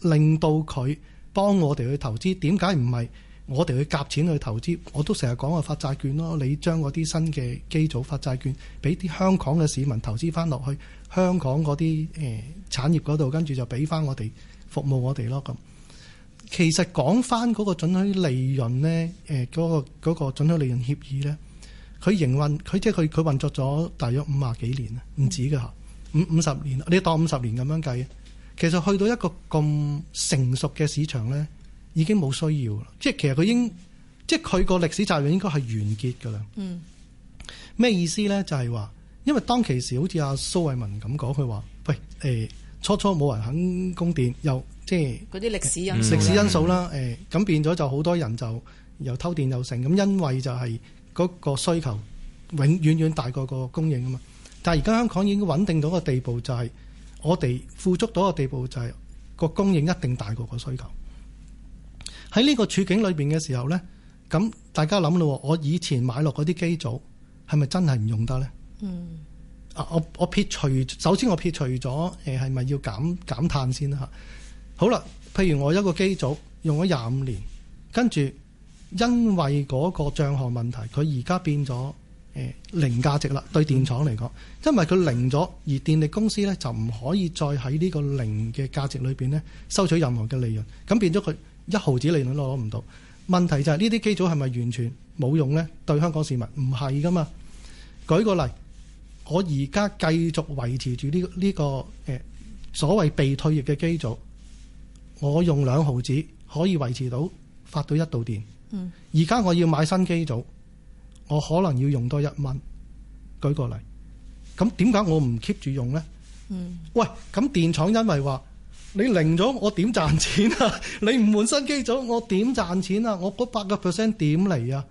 呃、令到佢幫我哋去投資，點解唔係？我哋去夾錢去投資，我都成日講啊發債券咯。你將嗰啲新嘅機組發債券，俾啲香港嘅市民投資翻落去香港嗰啲誒產業嗰度，跟住就俾翻我哋服務我哋咯。咁其實講翻嗰個準許利潤呢，誒嗰個嗰個準許利潤協議呢，佢營運佢即係佢佢運作咗大約五啊幾年啊，唔止噶嚇，五五十年，你當五十年咁樣計，其實去到一個咁成熟嘅市場呢。已經冇需要啦，即係其實佢應即係佢個歷史責任應該係完結噶啦。嗯，咩意思咧？就係話，因為當其時好似阿蘇偉文咁講，佢話喂誒、欸，初初冇人肯供電，又即係嗰啲歷史因歷、嗯、史因素啦。誒、欸，咁變咗就好多人就又偷電又成咁，因為就係嗰個需求永遠遠大過個供應啊嘛。但係而家香港已經穩定到個地步，就係我哋富足到個地步，就係個供應一定大過個需求。喺呢個處境裏邊嘅時候呢，咁大家諗咯。我以前買落嗰啲機組係咪真係唔用得呢？嗯。啊，我我撇除首先，我撇除咗誒係咪要減減碳先啦嚇。好啦，譬如我一個機組用咗廿五年，跟住因為嗰個帳項問題，佢而家變咗誒、呃、零價值啦。對電廠嚟講，嗯、因為佢零咗，而電力公司呢就唔可以再喺呢個零嘅價值裏邊呢收取任何嘅利潤，咁變咗佢。一毫子利潤都攞唔到，問題就係呢啲機組係咪完全冇用呢？對香港市民唔係噶嘛。舉個例，我而家繼續維持住呢呢個誒、這個欸、所謂被退役嘅機組，我用兩毫子可以維持到發到一度電。而家、嗯、我要買新機組，我可能要用多一蚊。舉個例，咁點解我唔 keep 住用呢？嗯、喂，咁電廠因為話。你零咗，我點賺錢啊？你唔換新機組，我點賺錢啊？我嗰百個 percent 點嚟啊？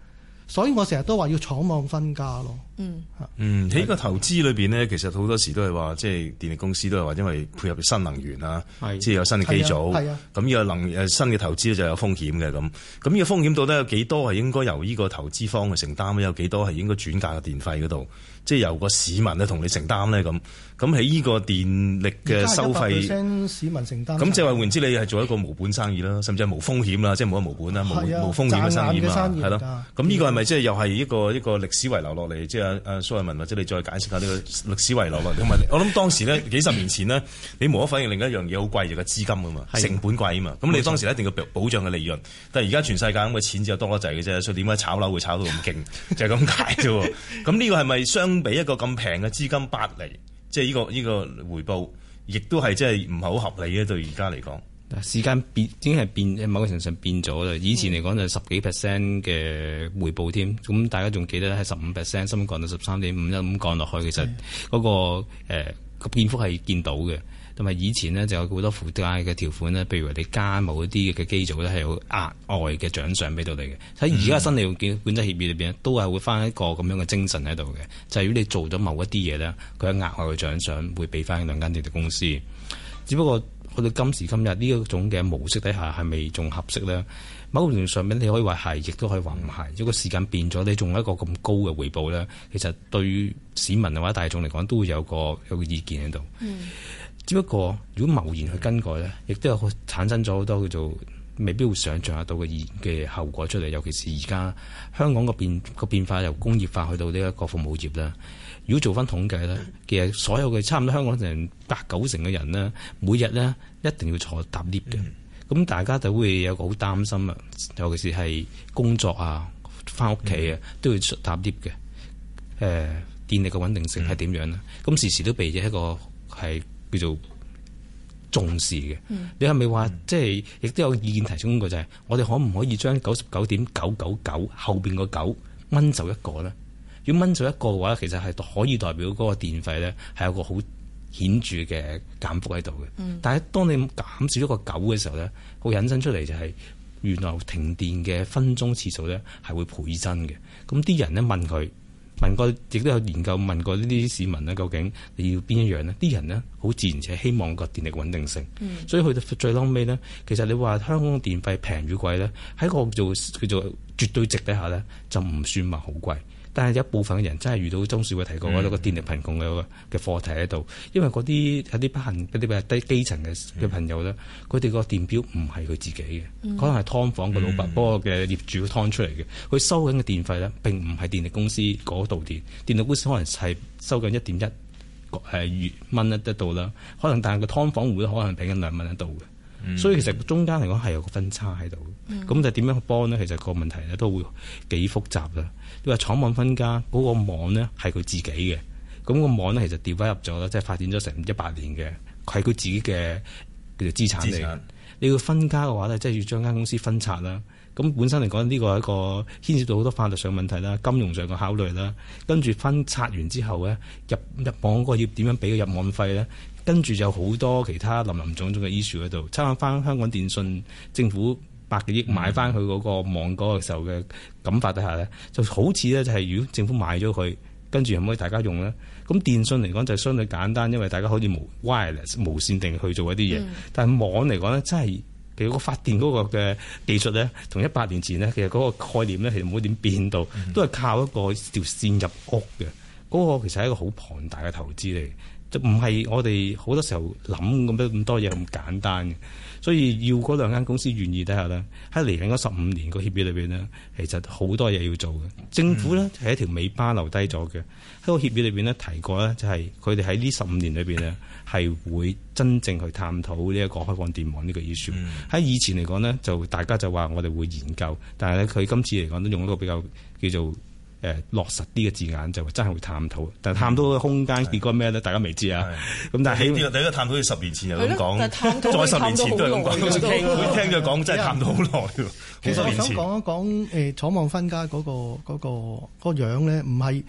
所以我成日都話要廠網分家咯。嗯，嗯喺個投資裏邊咧，其實好多時都係話，即係電力公司都係話，因為配合新能源啊，是即係有新機組，咁呢、啊啊、個能誒新嘅投資咧就有風險嘅咁。咁呢個風險到底有幾多係應該由呢個投資方去承擔咧？有幾多係應該轉嫁個電費嗰度，即係由個市民咧同你承擔咧咁？咁喺呢個電力嘅收費，市民承擔。咁即係話換言之，你係做一個無本生意啦，甚至係無風險啦，即係冇個無本啦，無的無風險嘅生意啊，係咯。咁呢的的個係咪即係又係一個一個歷史遺留落嚟？即係阿阿蘇偉文或者你再解釋下呢個歷史遺留落嚟。 我諗當時咧幾十年前呢，你無可否認另一樣嘢好貴就係、是、資金啊嘛，的成本貴啊嘛。咁錯你當時一定要保障嘅利潤，但係而家全世界咁嘅錢就多咗滯嘅啫，所以點解炒樓會炒到咁勁？就係咁解啫。咁呢 個係咪相比一個咁平嘅資金八厘？即係呢、呢個呢、呢個回報，亦都係即係唔係好合理嘅對而家嚟講。時間變已經係變某個程度上變咗啦。以前嚟講就十幾 percent 嘅回報添，咁大家仲記得係十五 percent，甚至降到十三點五，一咁降落去其實嗰、嗰個誒個跌幅係見到嘅。同埋以前呢就有好多附加嘅條款呢，譬如話你加某一啲嘅機組咧，係有額外嘅獎賞俾到你嘅。喺而家新嘅利潤管制協議裏邊，都係會翻一個咁樣嘅精神喺度嘅。就係、是、如果你做咗某一啲嘢呢，佢有額外嘅獎賞會俾翻兩間電力公司。只不過去到今時今日呢一種嘅模式底下，係咪仲合適呢？某程度上面你可以話係，亦都可以話唔係。如果時間變咗，你仲有一個咁高嘅回報呢，其實對於市民或者大眾嚟講，都會有個有個意見喺度。嗯只不過，如果貿然去更改咧，亦都有產生咗好多叫做未必會想像得到嘅嘅後果出嚟。尤其是而家香港個變個變化由工業化去到呢一個服務業啦。如果做翻統計咧，其實所有嘅差唔多香港成八九成嘅人咧，每日咧一定要坐搭 lift 嘅。咁、嗯、大家就會有個好擔心啊。尤其是係工作啊、翻屋企啊，都要坐搭 lift 嘅。誒、呃，電力嘅穩定性係點樣呢？咁、嗯、時時都備着一個係。叫做重視嘅，嗯、你係咪話即係亦都有意見提出過就係、是，我哋可唔可以將九十九點九九九後邊個九掹走一個咧？要掹走一個嘅話，其實係可以代表嗰個電費咧，係有個好顯著嘅減幅喺度嘅。嗯、但係當你減少咗個九嘅時候咧，個引申出嚟就係、是、原來停電嘅分鐘次數咧係會倍增嘅。咁啲人咧問佢。問過，亦都有研究問過呢啲市民咧，究竟你要邊一樣？呢啲人咧好自然，且希望個電力穩定性。嗯、所以去到最撈尾咧，其實你話香港電費平與貴咧，喺個叫做叫做絕對值底下咧，就唔算話好貴。但係有一部分嘅人真係遇到鍾兆偉嘅提過，或者個電力貧窮嘅嘅課題喺度，因為嗰啲有啲不幸啲低基層嘅嘅朋友咧，佢哋個電表唔係佢自己嘅，可能係劏房嘅老闆嘅業主劏出嚟嘅，佢收緊嘅電費咧並唔係電力公司嗰度電，電力公司可能係收緊一點一誒蚊一度啦，可能但係個劏房戶咧可能畀緊兩蚊一度嘅，所以其實中間嚟講係有個分差喺度，咁就點樣去幫咧？其實個問題咧都會幾複雜啦。你話廠網分家，嗰、那個網咧係佢自己嘅，咁、那個網咧其實掉翻入咗啦，即係發展咗成一百年嘅，係佢自己嘅叫做資產嚟。產你要分家嘅話咧，即係要將間公司分拆啦。咁本身嚟講呢個係一個牽涉到好多法律上問題啦、金融上嘅考慮啦。跟住分拆完之後咧，入入網嗰個要點樣俾個入網費咧？跟住就好多其他林林種種嘅 issue 喺度，參考翻香港電信政府。百幾億買翻佢嗰個網嗰個時候嘅感發底下咧，嗯、就好似咧就係如果政府買咗佢，跟住可唔可以大家用咧？咁電信嚟講就相對簡單，因為大家可以無 wireless 無線定去做一啲嘢。嗯、但係網嚟講咧，真係其實個發電嗰個嘅技術咧，同一百年前咧，其實嗰個概念咧，其實冇點變到，都係靠一個一條線入屋嘅。嗰、嗰個其實係一個好龐大嘅投資嚟。就唔係我哋好多時候諗咁多咁多嘢咁簡單嘅，所以要嗰兩間公司願意睇下啦。喺嚟緊嗰十五年個協議裏邊咧，其實好多嘢要做嘅。政府咧係一條尾巴留低咗嘅。喺個協議裏邊咧提過咧，就係佢哋喺呢十五年裏邊咧係會真正去探討呢一個開放電網呢個 issue。喺以前嚟講咧，就大家就話我哋會研究，但係咧佢今次嚟講都用一個比較叫做。誒，落實啲嘅字眼就真係會探討，但係探討嘅空間結果咩咧？的大家未知啊。咁的但係是起碼大家探討十年前就咁講，再十年前都係咁講。聽佢的聽佢講真係探討好耐，好多其實 年前說說。其實想講一講，誒，廠網分家嗰、那個嗰、那個那個那個樣咧，唔係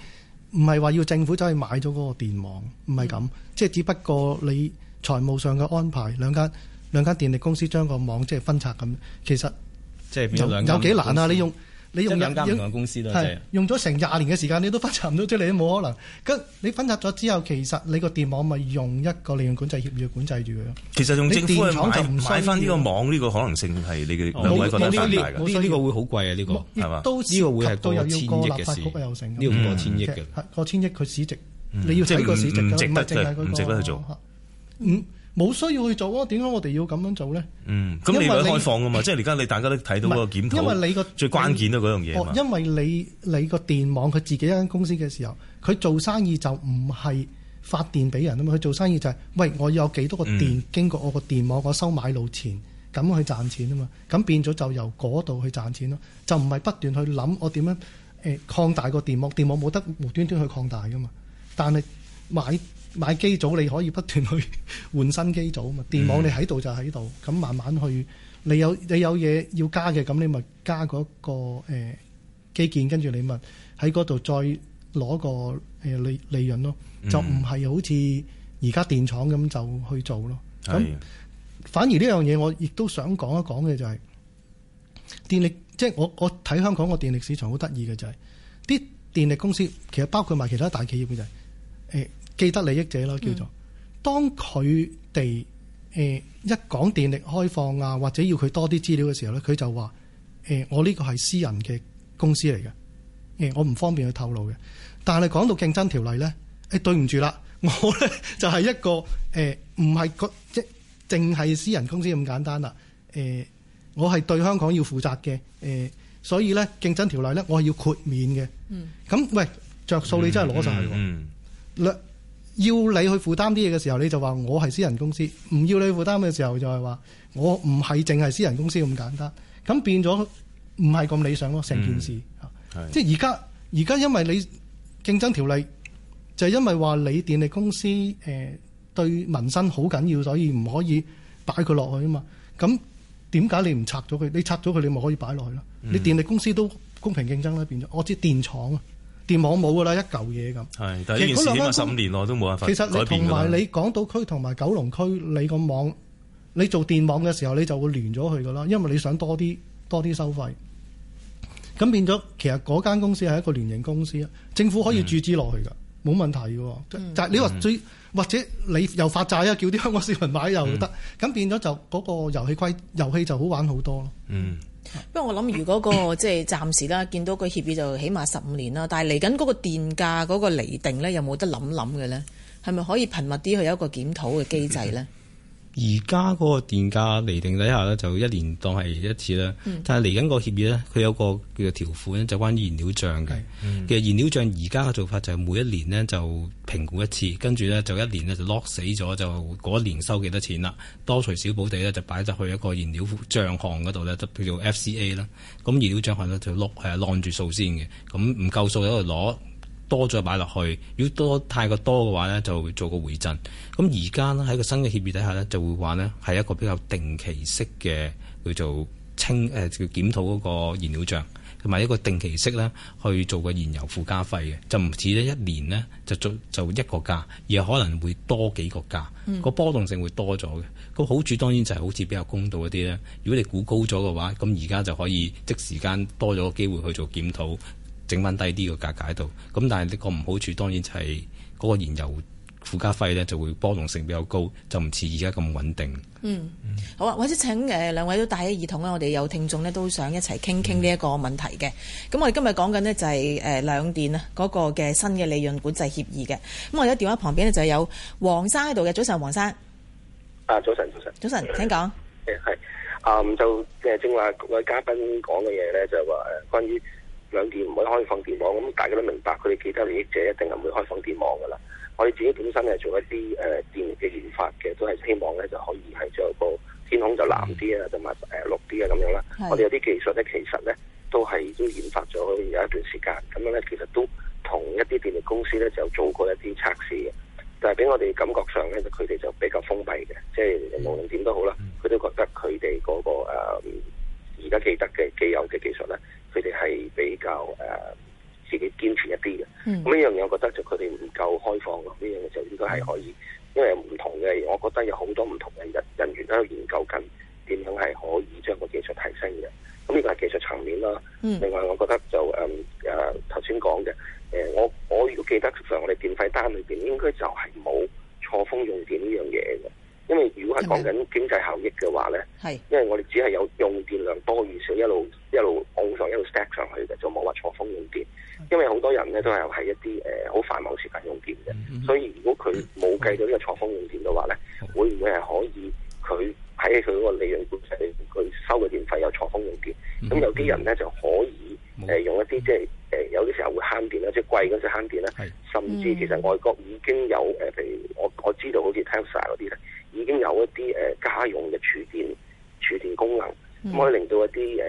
唔係話要政府走去買咗嗰個電網，唔係咁，即係只不過你財務上嘅安排，兩間兩間電力公司將個網即係、就是、分拆咁，其實即係有兩有幾難啊？你用。你用緊間電網公司都係，用咗成廿年嘅時間，你都分拆唔到出嚟，都冇可能。咁你分拆咗之後，其實你個電網咪用一個利潤管制協議管制住佢咯。其實用政府去買買翻呢個網，呢個可能性係你嘅兩位呢啲，呢個會好貴啊！呢個係嘛？呢個會係都又要過立法局又成呢個千億嘅，過千億佢市值，你要睇個市值㗎嘛？唔值得去做，唔。冇需要去做啊。點解我哋要咁樣做咧？嗯，咁你，你開放啊嘛，即係而家你大家都睇到個檢討因，因為你個最關鍵咯嗰樣嘢，因為你你個電網佢自己一間公司嘅時候，佢做生意就唔係發電俾人啊嘛，佢做生意就係、是、喂我有幾多個電經過我個電網，我收買路錢咁去賺錢啊嘛，咁變咗就由嗰度去賺錢咯，就唔係不斷去諗我點樣誒、呃、擴大個電網，電網冇得無端端去擴大噶嘛，但係。買買機組你可以不斷去換新機組啊嘛，電網你喺度就喺度，咁慢慢去。你有你有嘢要加嘅，咁你咪加嗰、嗰個、呃、基建，跟住你咪喺嗰度再攞個誒利、呃、利潤咯。就唔係好似而家電廠咁就去做咯。咁的反而呢樣嘢我亦都想講一講嘅就係、係、電力，即、就、係、係、我我睇香港個電力市場好得意嘅就係、係、啲電力公司其實包括埋其他大企業嘅就係、係、誒。欸記得利益者咯，叫做當佢哋誒一講電力開放啊，或者要佢多啲資料嘅時候咧，佢就話誒、欸、我呢個係私人嘅公司嚟嘅，誒、欸、我唔方便去透露嘅。但係講到競爭條例咧，誒、欸、對唔住啦，我咧就係、是、一個誒唔係個即係淨係私人公司咁簡單啦。誒、欸、我係對香港要負責嘅，誒、欸、所以咧競爭條例咧我係要豁免嘅、嗯嗯。嗯，咁喂着數你真係攞曬喎。嗯，要你去負擔啲嘢嘅時候，你就話我係私人公司；唔要你去負擔嘅時候就，就係話我唔係淨係私人公司咁簡單。咁變咗唔係咁理想咯，成件事。即係而家，而家因為你競爭條例，就係、是、因為話你電力公司誒、呃、對民生好緊要，所以唔可以擺佢落去啊嘛。咁點解你唔拆咗佢？你拆咗佢，你咪可以擺落去啦。嗯、你電力公司都公平競爭啦，變咗。我知電廠啊。電網冇噶啦，一舊嘢咁。係，但係呢件事十五年內都冇辦法。其實你同埋你港島區同埋九龍區，你個網，你做電網嘅時候，你就會聯咗佢噶啦，因為你想多啲多啲收費。咁變咗，其實嗰間公司係一個聯營公司啊，政府可以注資落去噶，冇、嗯、問題嘅。嗯、就係、是、你話最，或者你又發債啊，叫啲香港市民買又得。咁、嗯嗯、變咗就嗰、那個遊戲規遊戲就好玩好多咯。嗯。不過我諗，如果個即係暫時啦，見到個協議就起碼十五年啦，但係嚟緊嗰個電價嗰個釐定咧，有冇得諗諗嘅咧？係咪可以頻密啲去有一個檢討嘅機制咧？ 而家嗰個電價釐定底下呢，就一年當係一次啦。嗯、但係嚟緊個協議呢，佢有個叫做條款就關於燃料帳嘅。嗯、其實燃料帳而家嘅做法就每一年呢，就評估一次，跟住呢，就一年呢，就 lock 死咗，就嗰年收幾多錢啦。多除少補地呢，就擺咗去一個燃料帳項嗰度呢，就叫做 F C A 啦。咁燃料帳項呢，就 lock 係攔住數先嘅，咁唔夠數喺度攞。多咗擺落去，如果多太過多嘅話呢，就會做個回贈。咁而家呢，喺個新嘅協議底下呢，就會話呢，係一個比較定期式嘅叫做清誒、啊，叫檢討嗰個燃料賬同埋一個定期式呢，去做個燃油附加費嘅，就唔止呢一年呢，就做就一個價，而可能會多幾個價，個、嗯、波動性會多咗嘅，個好處當然就係好似比較公道一啲呢，如果你估高咗嘅話，咁而家就可以即時間多咗個機會去做檢討。整翻低啲個價格喺度，咁但係呢個唔好處當然就係嗰個燃油附加費咧就會波動性比較高，就唔似而家咁穩定。嗯，嗯，好啊，或者請誒兩位都帶啲耳筒啊，我哋有聽眾咧都想一齊傾傾呢一個問題嘅。咁我哋今日講緊呢就係、是、誒、呃、兩電咧嗰個嘅新嘅利潤管制協議嘅。咁我而家電話旁邊呢就有黃生喺度嘅，早晨黃生。啊，早晨，早晨，早晨，請講。誒、嗯，啊，誒、嗯、就誒正話各位嘉賓講嘅嘢咧，就話誒關於。兩電唔會開放電網，咁大家都明白，佢哋既得利益者一定係唔會開放電網噶啦。我哋自己本身係做一啲誒、呃、電力嘅研發嘅，都係希望咧就可以係做一個天空就藍啲啊，同埋誒綠啲啊咁樣啦。的我哋有啲技術咧，其實咧都係都研發咗有一段時間，咁樣咧其實都同一啲電力公司咧就做過一啲測試嘅，但係俾我哋感覺上咧，佢哋就比較封閉嘅，即、就、係、是、無論點都好啦，佢都覺得佢哋嗰個而家、呃、記得嘅既有嘅技術咧。佢哋係比較誒、呃、自己堅持一啲嘅，咁呢、嗯、樣嘢我覺得就佢哋唔夠開放咯。呢樣嘢就應該係可以，嗯、因為唔同嘅，我覺得有好多唔同嘅人人員喺度研究緊點樣係可以將個技術提升嘅。咁呢個係技術層面啦。嗯、另外，我覺得就誒誒頭先講嘅，誒、呃呃、我我如果記得，實我哋電費單裏邊應該就係冇錯峰用電呢樣嘢嘅。因為如果係講緊經濟效益嘅話咧，係因為我哋只係有用電量多與少，一路一路往上一路 stack 上去嘅，就冇話錯峰用電。是是因為好多人咧都係喺一啲誒好繁忙時間用電嘅，是是所以如果佢冇計到呢個錯峰用電嘅話咧，是是會唔會係可以佢喺佢嗰個利潤模式佢收嘅電費有錯峰用電？咁有啲人咧就可以誒用一啲即係誒有啲時候會慳電啦，即係貴嗰隻慳電啦。是是甚至其實外國已經有誒，譬如我我知道好似 Tesla 嗰啲咧。已經有一啲誒、呃、家用嘅儲電儲電功能，可以令到一啲誒、呃、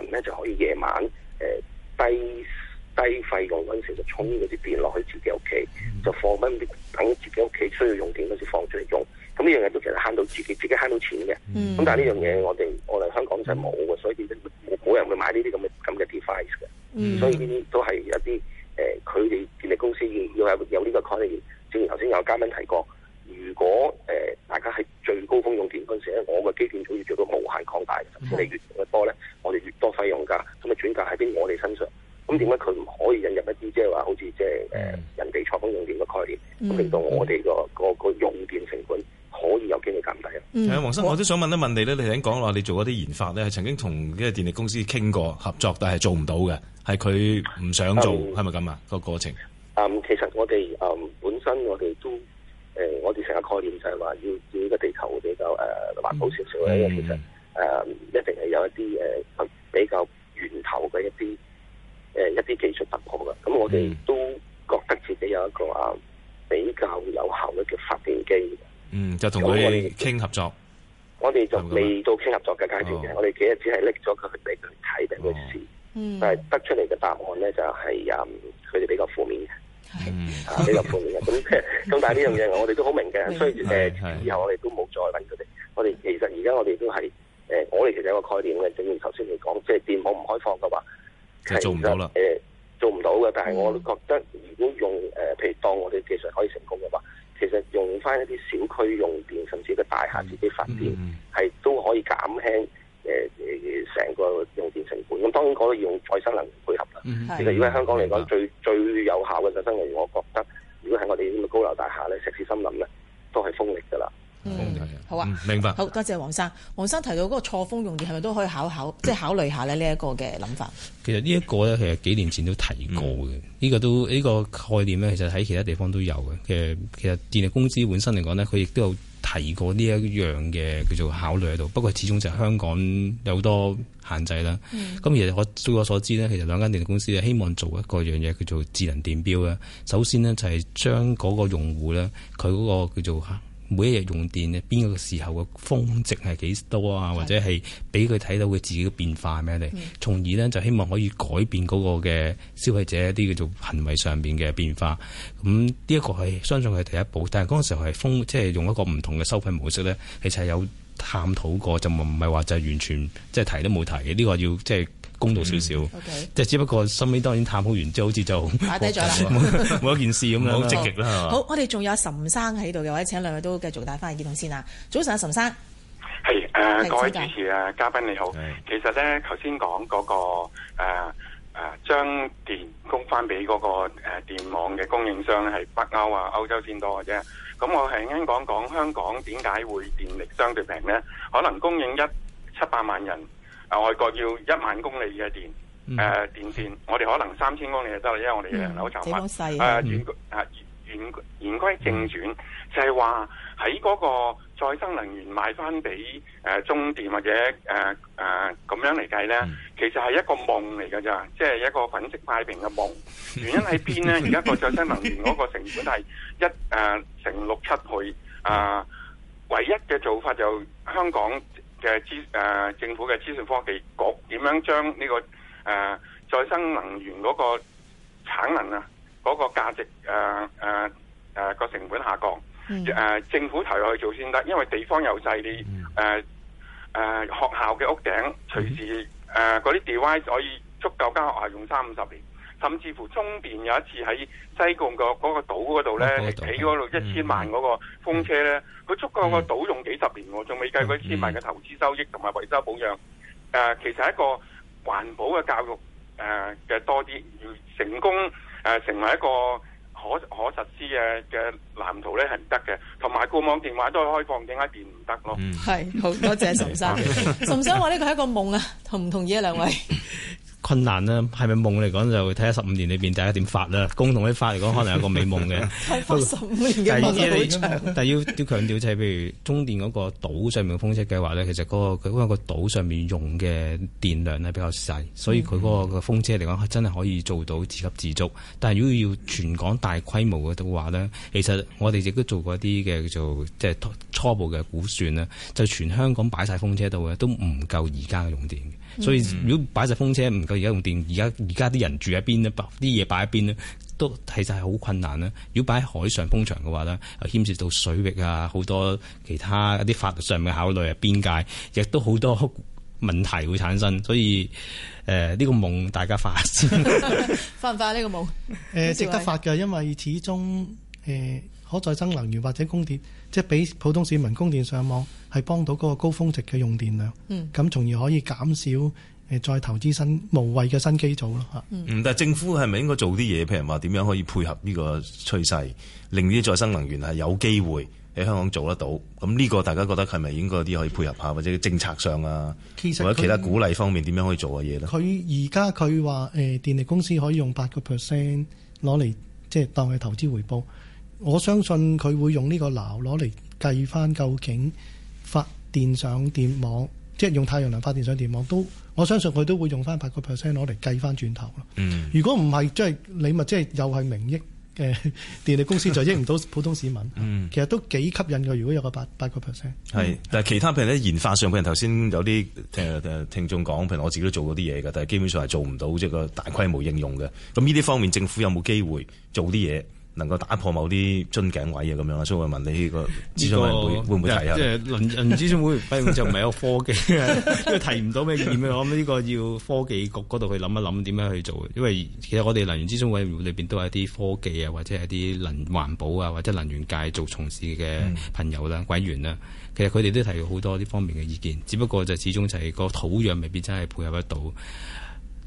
人咧就可以夜晚誒、呃、低低費用嗰陣時就充嗰啲電落去自己屋企，嗯、就放翻啲等自己屋企需要用電嗰時放出嚟用。咁呢樣嘢都其實慳到自己自己慳到錢嘅。咁、嗯、但係呢樣嘢我哋我哋香港就冇嘅，所以變咗冇人會買呢啲咁嘅咁嘅 device 嘅。嗯、所以呢啲都係一啲誒佢哋電力公司要要有有呢個概念。正如頭先有嘉賓提過，如果你、嗯嗯、越用得多咧，我哋越多費用㗎。咁啊，轉嫁喺邊？我哋身上。咁點解佢唔可以引入一啲即係話，好似即係誒人哋錯峯用電嘅概念，咁令到我哋、嗯、個個，個用電成本可以有機會減低啊？係啊、嗯，嗯、王生，我都想問一問你咧。你頭先講話你做嗰啲研發咧，係曾經同呢個電力公司傾過合作，但係做唔到嘅，係佢唔想做，係咪咁啊個過程？傾合作，我哋就未到傾合作嘅階段嘅，哦、我哋今日只係拎咗佢去俾佢睇定去試，但係得出嚟嘅答案咧就係，佢哋比較負面嘅，比較負面嘅。咁咁，但係呢樣嘢我哋都好明嘅，所以誒以後我哋都冇再搵佢哋。我哋其實而家我哋都係，誒、呃、我哋其實有個概念嘅，正如頭先你講，即係電網唔開放嘅話，其實就做唔到啦。香港嚟講，白最最有效嘅就真係，我覺得如果係我哋咁嘅高樓大廈咧、石屎森林咧，都係風力㗎啦。嗯，好啊，明白。好多謝黃生。黃生提到嗰個錯峯用電，係咪都可以考考， 即係考慮下咧呢一個嘅諗法？其實呢一個咧，其實幾年前都提過嘅。呢、嗯、個都呢、呢個概念咧，其實喺其他地方都有嘅。其實其實電力公司本身嚟講咧，佢亦都有。提過呢一樣嘅叫做考慮喺度，不過始終就香港有好多限制啦。咁其實據我所知呢，其實兩間電力公司咧，希望做一個樣嘢叫做智能電表啦。首先呢，就係將嗰個用戶呢，佢嗰個叫做每一日用電咧，邊個時候嘅峰值係幾多啊？或者係俾佢睇到佢自己嘅變化咩嚟的從而呢，就希望可以改變嗰個嘅消費者一啲叫做行為上邊嘅變化。咁呢一個係相信係第一步，但係嗰個時候係峰，即係用一個唔同嘅收費模式呢。其實係有探討過，就唔係話就係完全即係提都冇提。呢個要即係。公道少少，即係只不過，後尾當然探好完之後，好似就冇咗件事咁啦，好積極啦，係嘛。好，我哋仲有岑生喺度嘅，或者請兩位都繼續帶翻耳筒先啊。早晨，阿岑生，係誒，各位主持啊，嘉賓你好。其實咧，頭先講嗰個誒誒，將電供翻俾嗰個誒電網嘅供應商係北歐啊，歐洲先多嘅啫。咁我係啱講講香港點解會電力相對平咧？可能供應一七百萬人。外國要一萬公里嘅電，誒、嗯呃、電線，嗯、我哋可能三千公里就得啦，因為我哋人口稠密。好細啊！言啊言歸正傳、嗯、就係話喺嗰個再生能源買翻俾誒中電或者誒誒咁樣嚟計咧，其實係一個夢嚟㗎咋，即係一個粉飾太平嘅夢。原因喺邊咧？而家個再生能源嗰個成本係一誒成六七倍啊！唯一嘅做法就香港。嘅資誒政府嘅資訊科技局點樣將呢、這個誒、呃、再生能源嗰個產能啊嗰、那個價值誒誒誒個成本下降誒、呃、政府投入去做先得，因為地方又細啲，誒誒學校嘅屋頂隨時誒嗰啲 device 可以足夠間學校用三五十年。甚至乎中電有一次喺西貢個嗰 olar 個島嗰度咧，起嗰度一千萬嗰個風車咧，佢足夠個島用幾十年喎，仲未計過一千萬嘅投資收益同埋維修保養。誒、mm. 啊，其實一個環保嘅教育誒嘅多啲，要、啊呃、成功誒成為一個可可實施嘅嘅藍圖咧，係唔得嘅。同埋固網電話都開放，點解電唔得咯？係， 好多謝岑生。岑生話呢個係一個夢啊，同唔同意啊兩位？困難啦，係咪夢嚟講就會睇下十五年裏邊大家點發啦？共同去發嚟講，可能有個美夢嘅。但係十五年但係要要強調就係，譬如中電嗰個島上面嘅風車計劃咧，其實嗰個佢因為個島上面用嘅電量係比較細，所以佢嗰個個風車嚟講係真係可以做到自給自足。但係如果要全港大規模嘅話咧，其實我哋亦都做過一啲嘅叫做即係初步嘅估算啦，就全香港擺晒風車度嘅都唔夠而家嘅用電。所以如果擺隻風車唔夠而家用電，而家而家啲人住喺邊呢？啲嘢擺喺邊呢？都其實係好困難咧。如果擺喺海上風場嘅話咧，又牽涉到水域啊，好多其他一啲法律上嘅考慮啊，邊界亦都好多問題會產生。所以誒呢、呃這個夢大家發先，發唔發呢個夢？誒值得發㗎，因為始終誒。呃可再生能源或者供電，即係俾普通市民供電上網，係幫到嗰個高峰值嘅用電量。咁、嗯、從而可以減少誒再投資新無謂嘅新機組咯嚇。唔、嗯嗯、但係政府係咪應該做啲嘢？譬如話點樣可以配合呢個趨勢，令啲再生能源係有機會喺香港做得到？咁呢個大家覺得係咪應該有啲可以配合下，或者政策上啊，或者其他鼓勵方面點樣可以做嘅嘢咧？佢而家佢話誒電力公司可以用八個 percent 攞嚟，即係當佢投資回報。我相信佢會用呢個鬧攞嚟計翻，究竟發電上電網，即係用太陽能發電上電網都，我相信佢都會用翻八個 percent 攞嚟計翻轉頭咯。嗯，如果唔係，即、就、係、是、你咪即係又係名益嘅、呃、電力公司就益唔到普通市民。嗯，其實都幾吸引㗎。如果有個八八個 percent，係，是嗯、但係其他譬如咧，研發上譬如頭先有啲誒聽聽聽眾講，譬如我自己都做過啲嘢嘅，但係基本上係做唔到即係個大規模應用嘅。咁呢啲方面，政府有冇機會做啲嘢？能夠打破某啲樽頸位啊，咁樣，所以我問你呢個諮詢委會會唔會提啊？即係能源諮詢委會就唔係有科技嘅， 因為提唔到咩意見啊。呢 個要科技局嗰度去諗一諗點樣去做。因為其實我哋能源諮詢委員會裏邊都係一啲科技啊，或者係一啲能環保啊，或者能源界做從事嘅朋友啦、委員啦。其實佢哋都提好多呢方面嘅意見，只不過就始終就係個土壤未必真係配合得到。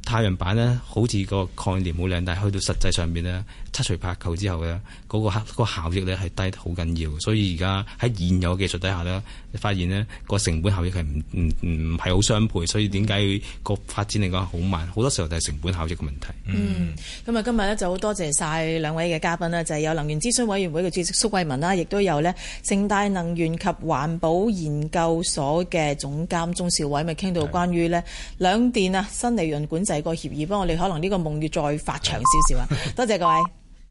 太陽板呢好似個概念冇靚，但係去到實際上面，呢七除八扣之後呢，嗰、那個那個效益呢係低得好緊要。所以而家喺現有技術底下呢，發現呢個成本效益係唔唔唔係好相配。所以點解個發展嚟講好慢？好多時候就係成本效益嘅問題。嗯，咁啊、嗯，今日呢就好多謝晒兩位嘅嘉賓呢就係、是、有能源諮詢委員會嘅主席蘇偉文啦，亦都有呢城大能源及環保研究所嘅總監鍾兆偉，咪傾到關於呢兩電啊新利潤管制。係個協議，不過我哋可能呢個夢要再發長少少啊！多謝各位。